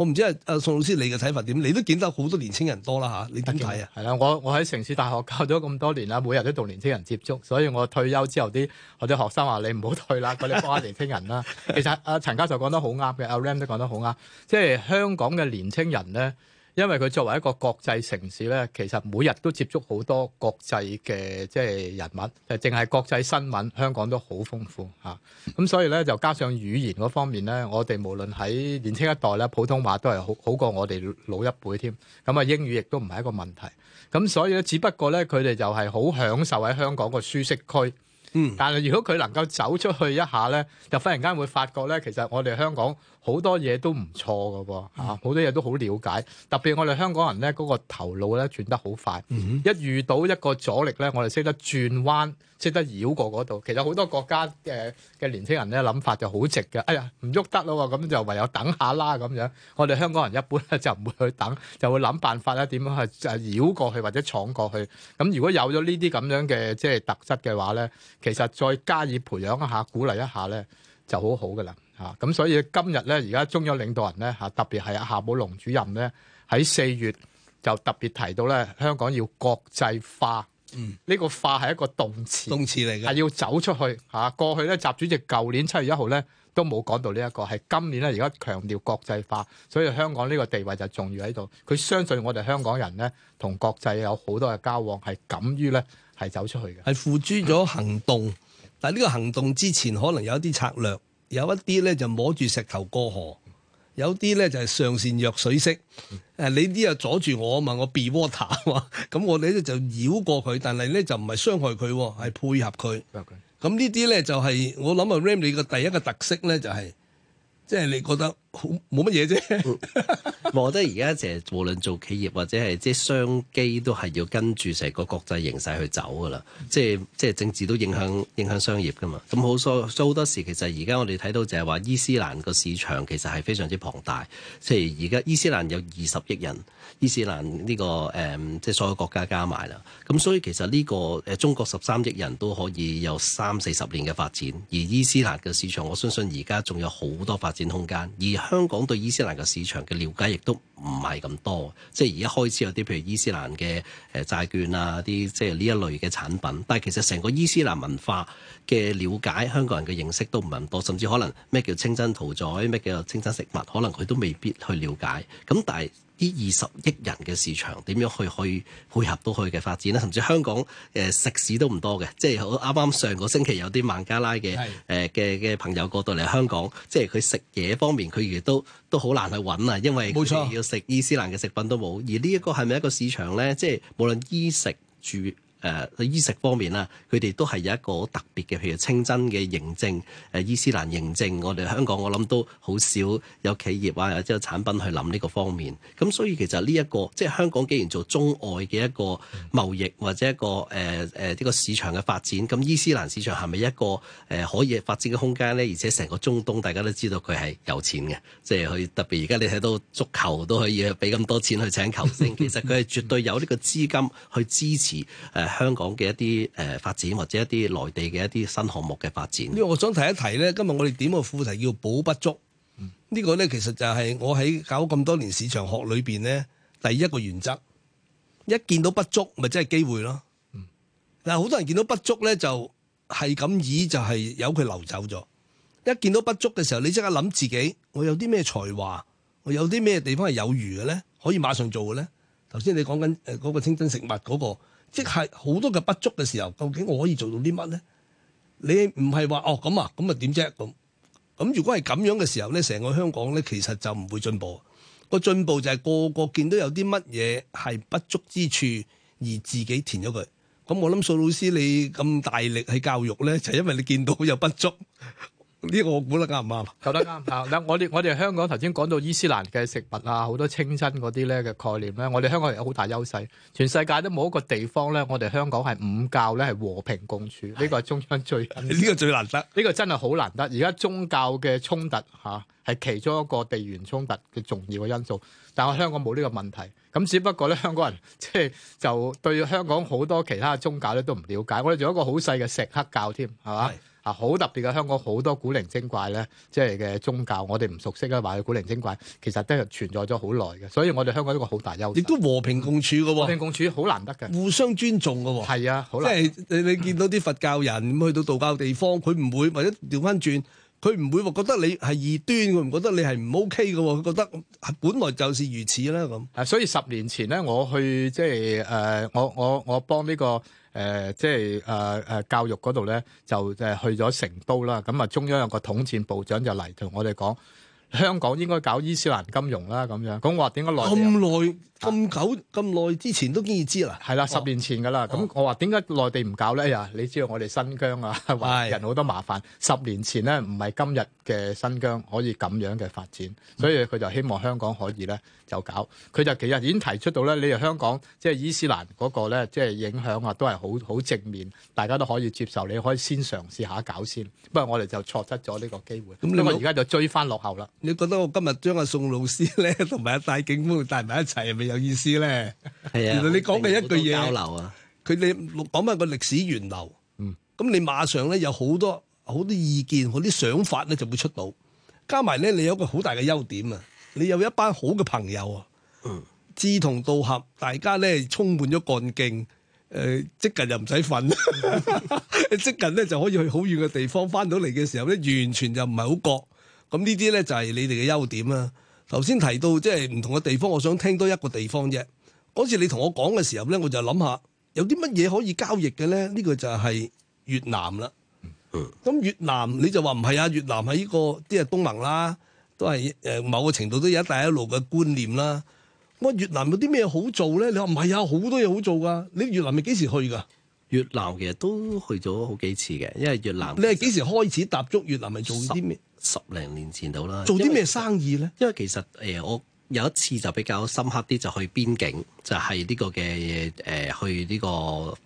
我唔知阿阿宋老師你嘅睇法點，你都見得好多年輕人多啦嚇。你點睇啊？係啦，我我喺城市大學教咗咁多年啦，每日都同年青人接觸，所以我退休之後啲或者學生話：你唔好退啦，嗰啲幫下年青人啦、啊。 [laughs] 其實阿陳教授講得好啱嘅，阿、啊、Ram 都講得好啱，即係香港嘅年青人咧。因為佢作為一個國際城市咧，其實每日都接觸好多國際嘅即係人物，就淨係國際新聞，香港都好豐富嚇。咁所以咧，就加上語言嗰方面咧，我哋無論喺年輕一代咧，普通話都係好好過我哋老一輩添。咁啊，英語亦都唔係一個問題。咁所以咧，只不過咧，佢哋就係好享受喺香港個舒適區。嗯，但係如果佢能夠走出去一下咧，就忽然間會發覺咧，其實我哋香港好多嘢都唔錯噶，吓好、嗯啊、多嘢都好了解。特別我哋香港人呢，嗰、那個頭腦咧轉得好快。嗯嗯一遇到一個阻力呢，我哋識得轉彎，識得繞過嗰度。其實好多國家嘅嘅、呃、年輕人呢，諗法就好直嘅。哎呀，唔喐得咯，咁就唯有等下啦。咁樣，我哋香港人一般咧就唔會去等，就會諗辦法咧點樣去繞過去或者闖過去。咁如果有咗呢啲咁樣嘅即係特質嘅話呢，其實再加以培養一下、鼓勵一下呢，就好好噶啦。啊！咁所以今日咧，而家中央領導人咧，嚇特別係阿夏寶龍主任咧，喺四月就特別提到咧，香港要國際化。嗯，呢個化係一個動詞，動詞嚟嘅係要走出去嚇、啊。過去咧，習主席舊年七月一號咧都冇講到呢、這、一個，係今年咧而家強調國際化，所以香港呢個地位就重要喺度。佢相信我哋香港人咧同國際有好多嘅交往，係敢於咧係走出去嘅，係付諸咗行動。嗯、但係呢個行動之前，可能有一啲策略。有一啲咧就摸住石頭過河，有啲咧就係、是、上善若水式。誒、嗯啊，你啲又阻住我啊嘛，我 be water 啊 [laughs] 嘛、嗯，咁我哋咧就繞過佢，但係咧就唔係傷害佢，係配合佢。咁 Okay.、嗯、呢啲咧就係、是、我諗啊 Ram，你個第一個特色咧就係、是。即係你覺得好冇乜嘢啫？我覺得而家成無論做企業或者係即係商機，都係要跟住成個國際形勢去走噶啦，嗯。即係即係政治都影響影響商業噶嘛。咁好多好多時其實而家我哋睇到就係話伊斯蘭個市場其實係非常之龐大。即係而家伊斯蘭有二十億人。伊斯蘭呢、這個誒、嗯，即係所有國家加埋啦。咁所以其實呢、這個誒中國十三億人都可以有三四十年嘅發展，而伊斯蘭嘅市場，我相信而家仲有好多發展空間。而香港對伊斯蘭嘅市場嘅了解亦都唔係咁多，即係而家開始有啲譬如伊斯蘭嘅誒、呃、債券啊，啲即係呢一類嘅產品。但係其實成個伊斯蘭文化嘅了解，香港人嘅認識都唔係咁多，甚至可能咩叫清真屠宰，咩叫清真食物，可能佢都未必去了解。咁但係，呢二十億人嘅市場點樣去去，去配合到佢嘅發展咧？甚至香港誒、呃、食肆都唔多嘅，即係好啱啱上個星期有啲孟加拉嘅誒嘅嘅朋友過到嚟香港，即係佢食嘢方面，佢亦都都好難去揾啊，因為冇錯要食伊斯蘭嘅食品都冇。而呢一個係咪一個市場呢？即係無論衣食住。誒喺、呃、衣食方面啦，佢哋都係有一個好特別嘅，譬如清真嘅認證，誒、呃、伊斯蘭認證。我哋香港我諗都好少有企業啊，或者產品去諗呢個方面。咁所以其實呢、這、一個即係香港既然做中外嘅一個貿易或者一個誒誒呢個市場嘅發展，咁伊斯蘭市場係咪一個誒、呃、可以發展嘅空間呢？而且成個中東大家都知道佢係有錢嘅，即係去特別而家你睇到足球都可以俾咁多錢去請球星，其實佢係絕對有呢個資金去支持誒。呃呃香港嘅一啲誒發展，或者一啲內地嘅一啲新項目嘅發展。因為我想提一提咧，今日我哋點個副題叫補不足。呢、嗯、個咧其實就係我喺搞咁多年市場學裏邊咧，第一個原則。一見到不足，咪即係機會咯。嗯、但係好多人見到不足咧，就係咁以，就係由佢流走咗。一見到不足嘅時候，你即刻諗自己，我有啲咩才華，我有啲咩地方係有餘嘅咧，可以馬上做嘅咧。頭先你講緊誒嗰個清真食物嗰、嗰個。即係好多嘅不足嘅時候，究竟我可以做到啲乜咧？你唔係話哦咁啊，咁啊點啫？咁咁如果係咁樣嘅時候咧，成個香港咧其實就唔會進步。個進步就係個個見到有啲乜嘢係不足之處，而自己填咗佢。咁我諗蘇老師你咁大力去教育咧，就係因為你見到有不足。呢個我估得啱唔啱？講得啱唔啱？嗱，我哋我哋香港頭先講到伊斯蘭嘅食物啊，好多清真嗰啲咧嘅概念咧，我哋香港人有好大優勢。全世界都冇一個地方咧，我哋香港係五教咧係和平共處。呢個係中央最呢個最難得，呢個真係好難得。而家宗教嘅衝突吓、啊、係其中一個地緣衝突嘅重要嘅因素，但係香港冇呢個問題。咁只不過咧，香港人即係就對香港好多其他宗教咧都唔了解。我哋仲有一個好細嘅錫克教添，係嘛？啊，好特別嘅香港好多古靈精怪咧，即係嘅宗教，我哋唔熟悉啊，話佢古靈精怪，其實都係存在咗好耐嘅，所以我哋香港一個好大優勢。亦都和平共處嘅喎，和平共處好難得嘅，互相尊重嘅喎。係啊，好難。即係你你見到啲佛教人去到道教地方，佢唔會或者調返轉，佢唔會話覺得你係異端，佢唔覺得你係唔 OK 嘅喎，佢覺得本來就是如此啦咁。啊，所以十年前咧，我去即係誒、呃，我我我幫呢、呢個。誒、呃，即係誒誒教育嗰度咧，就就去咗成都啦。咁、嗯、啊，中央有個統戰部長就嚟同我哋講，香港應該搞伊斯蘭金融啦。咁樣，咁我話點解嚟咁耐？咁久咁耐之前都經已知啦，係啦，十年前㗎啦。咁、哦、我話點解內地唔搞咧？呀，你知道我哋新疆啊，人好多麻煩。是十年前呢，唔係今日嘅新疆可以咁樣嘅發展，所以佢就希望香港可以咧就搞。佢就其實已經提出到咧，你哋香港即係伊斯蘭嗰個咧，即係影響啊，都係好好正面，大家都可以接受。你可以先嘗試下搞先，不過我哋就錯失咗呢個機會。咁你話而家就追返落後啦？你覺得我今日將阿宋老師咧同埋阿戴景峰帶埋一齊係咪？有意思咧，係啊！ [laughs] 原來你講嘅一句嘢，佢你講埋個歷史源流，咁、嗯、你馬上咧有好多好多意見好啲想法咧就會出到，加埋咧你有一個好大嘅優點啊！你有一班好嘅朋友啊，嗯、志同道合，大家咧充滿咗幹勁，誒即近又唔使瞓，即近咧就可以去好遠嘅地方，翻到嚟嘅時候咧，完全就唔係好覺。咁呢啲咧就係你哋嘅優點啊！頭先提到即係唔同嘅地方，我想聽多一個地方啫。嗰次你同我講嘅時候咧，我就諗下有啲乜嘢可以交易嘅咧？呢、這個就係越南啦。咁、嗯、越南你就話唔係啊？越南喺呢、這個啲係東盟啦，都係誒、呃、某個程度都有一帶一路嘅觀念啦。咁越南有啲咩好做咧？你話唔係有好多嘢好做噶。你越南係幾時去㗎？越南其實都去咗好幾次嘅，因為越南你係幾時開始踏足越南？係做啲咩？十零年前到啦，做啲咩生意咧？因為其實誒、呃，我有一次就比較深刻啲，就去邊境，就係、是、呢個嘅誒、呃，去呢個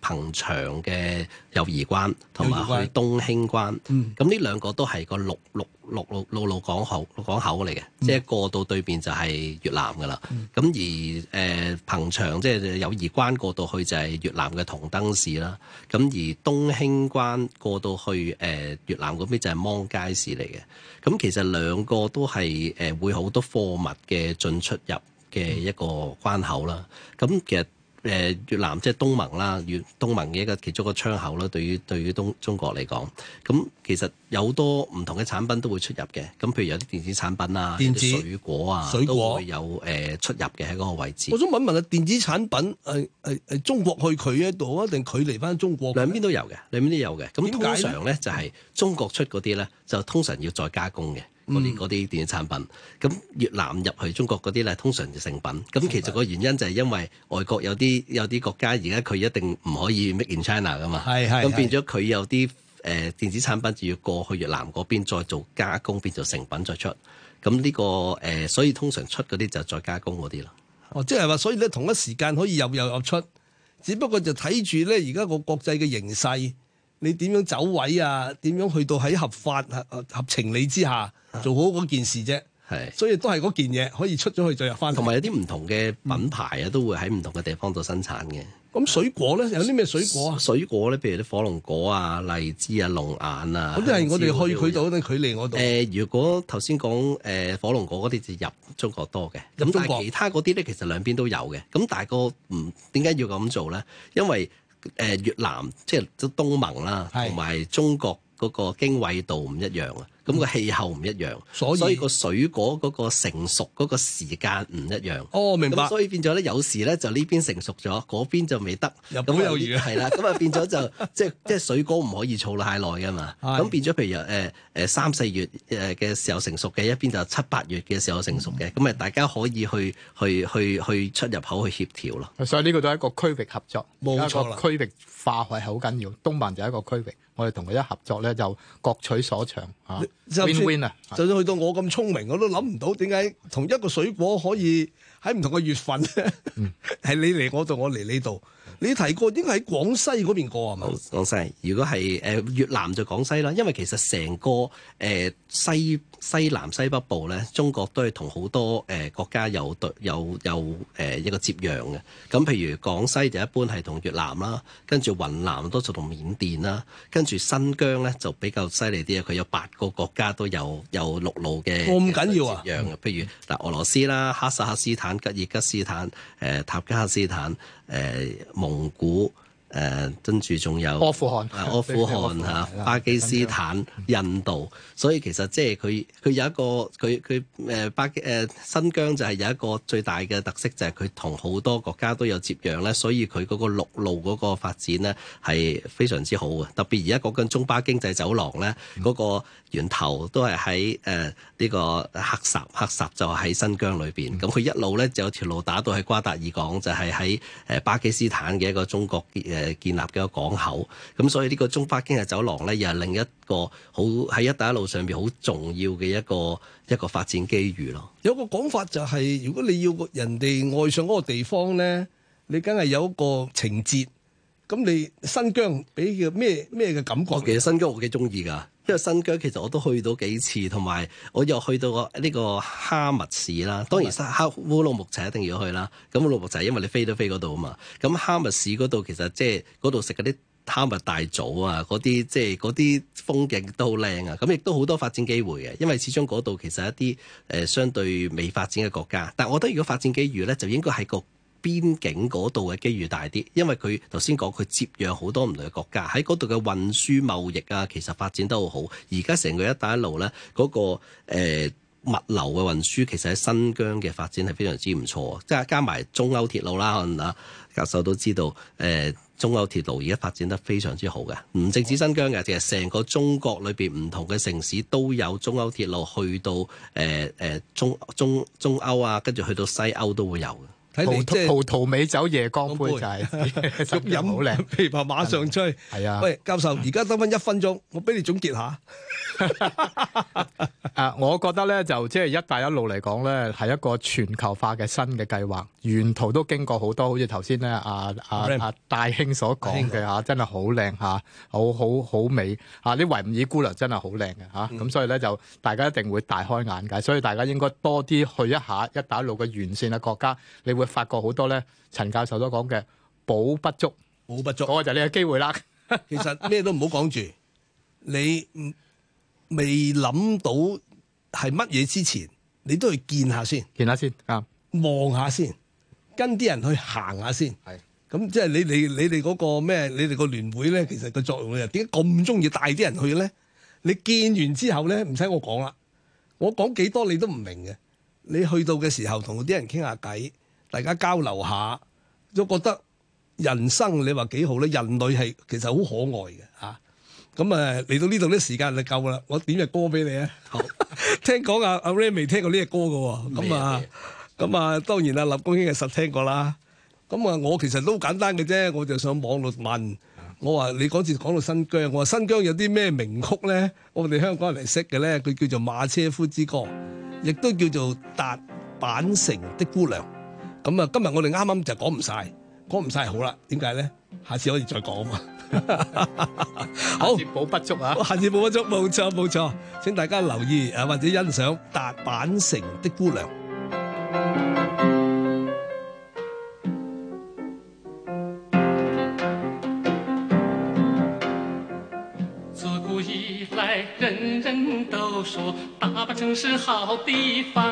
憑祥嘅友誼關同埋去東興關，嗯，咁呢兩個都係個陸陸。陸陸路路港口路港口嚟嘅，嗯、即係過到對面就係越南噶啦。咁、嗯、而誒、呃、憑祥即係友誼關過到去就係越南嘅同登市啦。咁而東興關過到去誒、呃、越南嗰邊就係芒街市嚟嘅。咁、嗯、其實兩個都係誒、呃、會好多貨物嘅進出入嘅一個關口啦。咁、嗯嗯、其實。誒越南即係東盟啦，越東盟嘅一個其中一個窗口啦，對於對於東中國嚟講，咁其實有好多唔同嘅產品都會出入嘅，咁譬如有啲電子產品啊、電子、水果啊，水果會有誒、呃、出入嘅喺嗰個位置。我想問問啊，電子產品係係係中國去佢一度啊，定佢嚟返中國兩？兩邊都有嘅，兩邊都有嘅。咁通常咧就係中國出嗰啲咧，就通常要再加工嘅。嗰啲嗰啲電子產品，咁越南入去中國嗰啲咧，通常就成品。咁其實個原因就係因為外國有啲有啲國家，而家佢一定唔可以 make in China 噶嘛。係，係是。咁變咗佢有啲誒電子產品就要過去越南嗰邊再做加工，變做成品再出。咁呢、呢個誒、呃，所以通常出嗰啲就再加工嗰啲啦。哦，即係話，所以咧同一時間可以入又入出，只不過就睇住咧而家個國際嘅形勢，你點樣走位啊？點樣去到喺合法合，合，合情理之下？做好嗰件事啫，係是，所以都係嗰件嘢可以出咗去再入翻嚟。同埋有啲唔同嘅品牌啊，嗯、都會喺唔同嘅地方度生產嘅。咁水果咧，有啲咩水果啊？水果咧，譬如啲火龍果啊、荔枝啊、龍眼啊。咁啲係我哋去佢度佢嚟我度？誒、啊，如果頭先講誒火龍果嗰啲就入中國多嘅，咁但係其他嗰啲咧，其實兩邊都有嘅。咁但係個唔點解要咁做咧？因為誒、呃、越南即係都東盟啦，同埋是中國嗰個經緯度唔一樣啊。咁個氣候唔一樣，所以個水果嗰個成熟嗰個時間唔一樣。哦，明白。所以變咗咧，有時咧就呢邊成熟咗，嗰邊就未得。入不入雨？係啦，咁啊 [laughs] 變咗就即係即係水果唔可以儲太耐嘅嘛。咁是變咗，譬如誒誒三四月誒嘅時候成熟嘅，一邊就七八月嘅時候成熟嘅。咁啊、嗯，大家可以去去去去出入口去協調咯。所以呢個都係一個區域合作，冇錯啦。一個區域化係好緊要，東盟就係一個區域。我哋同佢一合作咧，就各取所長嚇。win win 啊！就算去到我咁聰明，我都諗唔到點解同一個水果可以喺唔同嘅月份，係 [laughs] 你嚟我度，我嚟你度。你提過應該喺廣西嗰邊過係嘛？廣西，如果係誒、呃、越南就廣西啦，因為其實成個誒、呃、西。西南西北部咧，中國都係同好多誒國家有對有有誒一個接壤嘅。咁、呃、譬如廣西就一般係同越南啦，跟住雲南都就同緬甸啦，跟住新疆咧就比較犀利啲啊。佢有八個國家都有有陸路嘅咁緊要嘅。譬、呃、如嗱，俄羅斯啦、哈薩克斯坦、吉爾吉斯坦、誒、呃、塔吉克斯坦、誒、呃、蒙古。誒，跟住仲有阿富汗，阿富汗嚇， [laughs] 巴基斯坦、啊嗯、印度，所以其實即係佢佢有一個佢佢誒巴誒新疆就係有一個最大嘅特色就係佢同好多國家都有接壤咧，所以佢嗰個陸路嗰個發展咧係非常之好嘅。特別而家講緊中巴經濟走廊咧，嗰、嗯、個源頭都係喺誒呢個喀什，喀什就喺新疆裏邊。咁佢、嗯嗯、一路咧就有條路打到喺瓜達爾港，就係喺誒巴基斯坦嘅一個中國誒建立嘅港口，咁所以呢個中巴經濟走廊呢，又係另一個好喺一帶一路上邊好重要嘅一個一個發展機遇咯。有個講法就係、是，如果你要人哋愛上嗰個地方呢，你梗係有一個情節。咁你新疆俾嘅咩咩嘅感覺？其實新疆我幾鍾意㗎。因為新疆其實我都去到幾次，同埋我又去到個呢個哈密市啦。的當然沙哈烏魯木齊一定要去啦。咁烏魯木齊因為你飛都飛嗰度啊嘛。咁哈密市嗰度其實即係嗰度食嗰啲哈密大棗啊，嗰啲即係嗰啲風景都好靚啊。咁亦都好多發展機會嘅，因為始終嗰度其實係一啲誒、呃、相對未發展嘅國家。但係我覺得如果發展機遇呢，就應該係個邊境嗰度嘅機遇大啲，因為佢頭先講佢接壤好多唔同嘅國家喺嗰度嘅運輸貿易啊，其實發展得好好。而家成個一帶一路呢，嗰、嗰個、呃、物流嘅運輸其實喺新疆嘅發展係非常之唔錯，即係加埋中歐鐵路啦。可能啊，教授都知道誒、呃、中歐鐵路而家發展得非常之好嘅，唔淨止新疆嘅，其實成個中國裏邊唔同嘅城市都有中歐鐵路去到誒誒、呃、中中中歐啊，跟住去到西歐都會有嘅。就是、葡萄葡萄美酒夜光杯，光杯就係、是，飲好靚，琵琶 [laughs] 馬上吹係 [laughs] 啊！喂，教授，而家得翻一分鐘，我俾你總結下。啊 [laughs] [laughs] 我覺得咧就即係一帶一路嚟講咧，係一個全球化嘅新嘅計劃，沿途都經過好多，好似頭先咧阿阿阿大興所講嘅吓，真係好靚吓，好好好美吓，啲、啊、維吾爾姑娘真係好靚嘅吓，咁、啊、所以咧就大家一定會大開眼界，所以大家應該多啲去一下一帶一路嘅沿綫嘅國家，你會。發覺好多咧，陳教授都講嘅補不足，補不足，嗰個就係你嘅機會啦。 [laughs] 其實咩都唔好講住，你未諗到係乜嘢之前，你都去見下先，見下先啊，望下先，跟啲人去行下先。係咁，即係你你你哋嗰個咩？你哋個聯會咧，其實個作用又點解咁中意帶啲人去咧？你見完之後咧，唔使我講啦，我講幾多你都唔明嘅。你去到嘅時候，同啲人傾下偈。大家交流下，都覺得人生你話幾好咧？人類係其實好可愛嘅嚇。咁誒嚟到呢度啲時間就夠啦。我點隻歌俾你好 [laughs] 啊！聽講阿阿 Ray 未聽過呢隻歌嘅喎，咁啊，咁啊，當然阿立功兄係實聽過啦。咁啊，我其實都簡單嘅啫，我就上網絡問我話你嗰次講到新疆，我話新疆有啲咩名曲咧？我哋香港人嚟識嘅咧，佢叫做《馬車夫之歌》，亦都叫做《達坂城的姑娘》。咁啊，今日我哋啱啱就講唔晒，講唔晒好啦。點解咧？下次可以再講啊。 [laughs] 好，下次補不足啊。下次補不足，冇錯冇錯。請大家留意誒，或者欣賞《達坂城的姑娘》。自古以來，人人都說達坂城是好地方。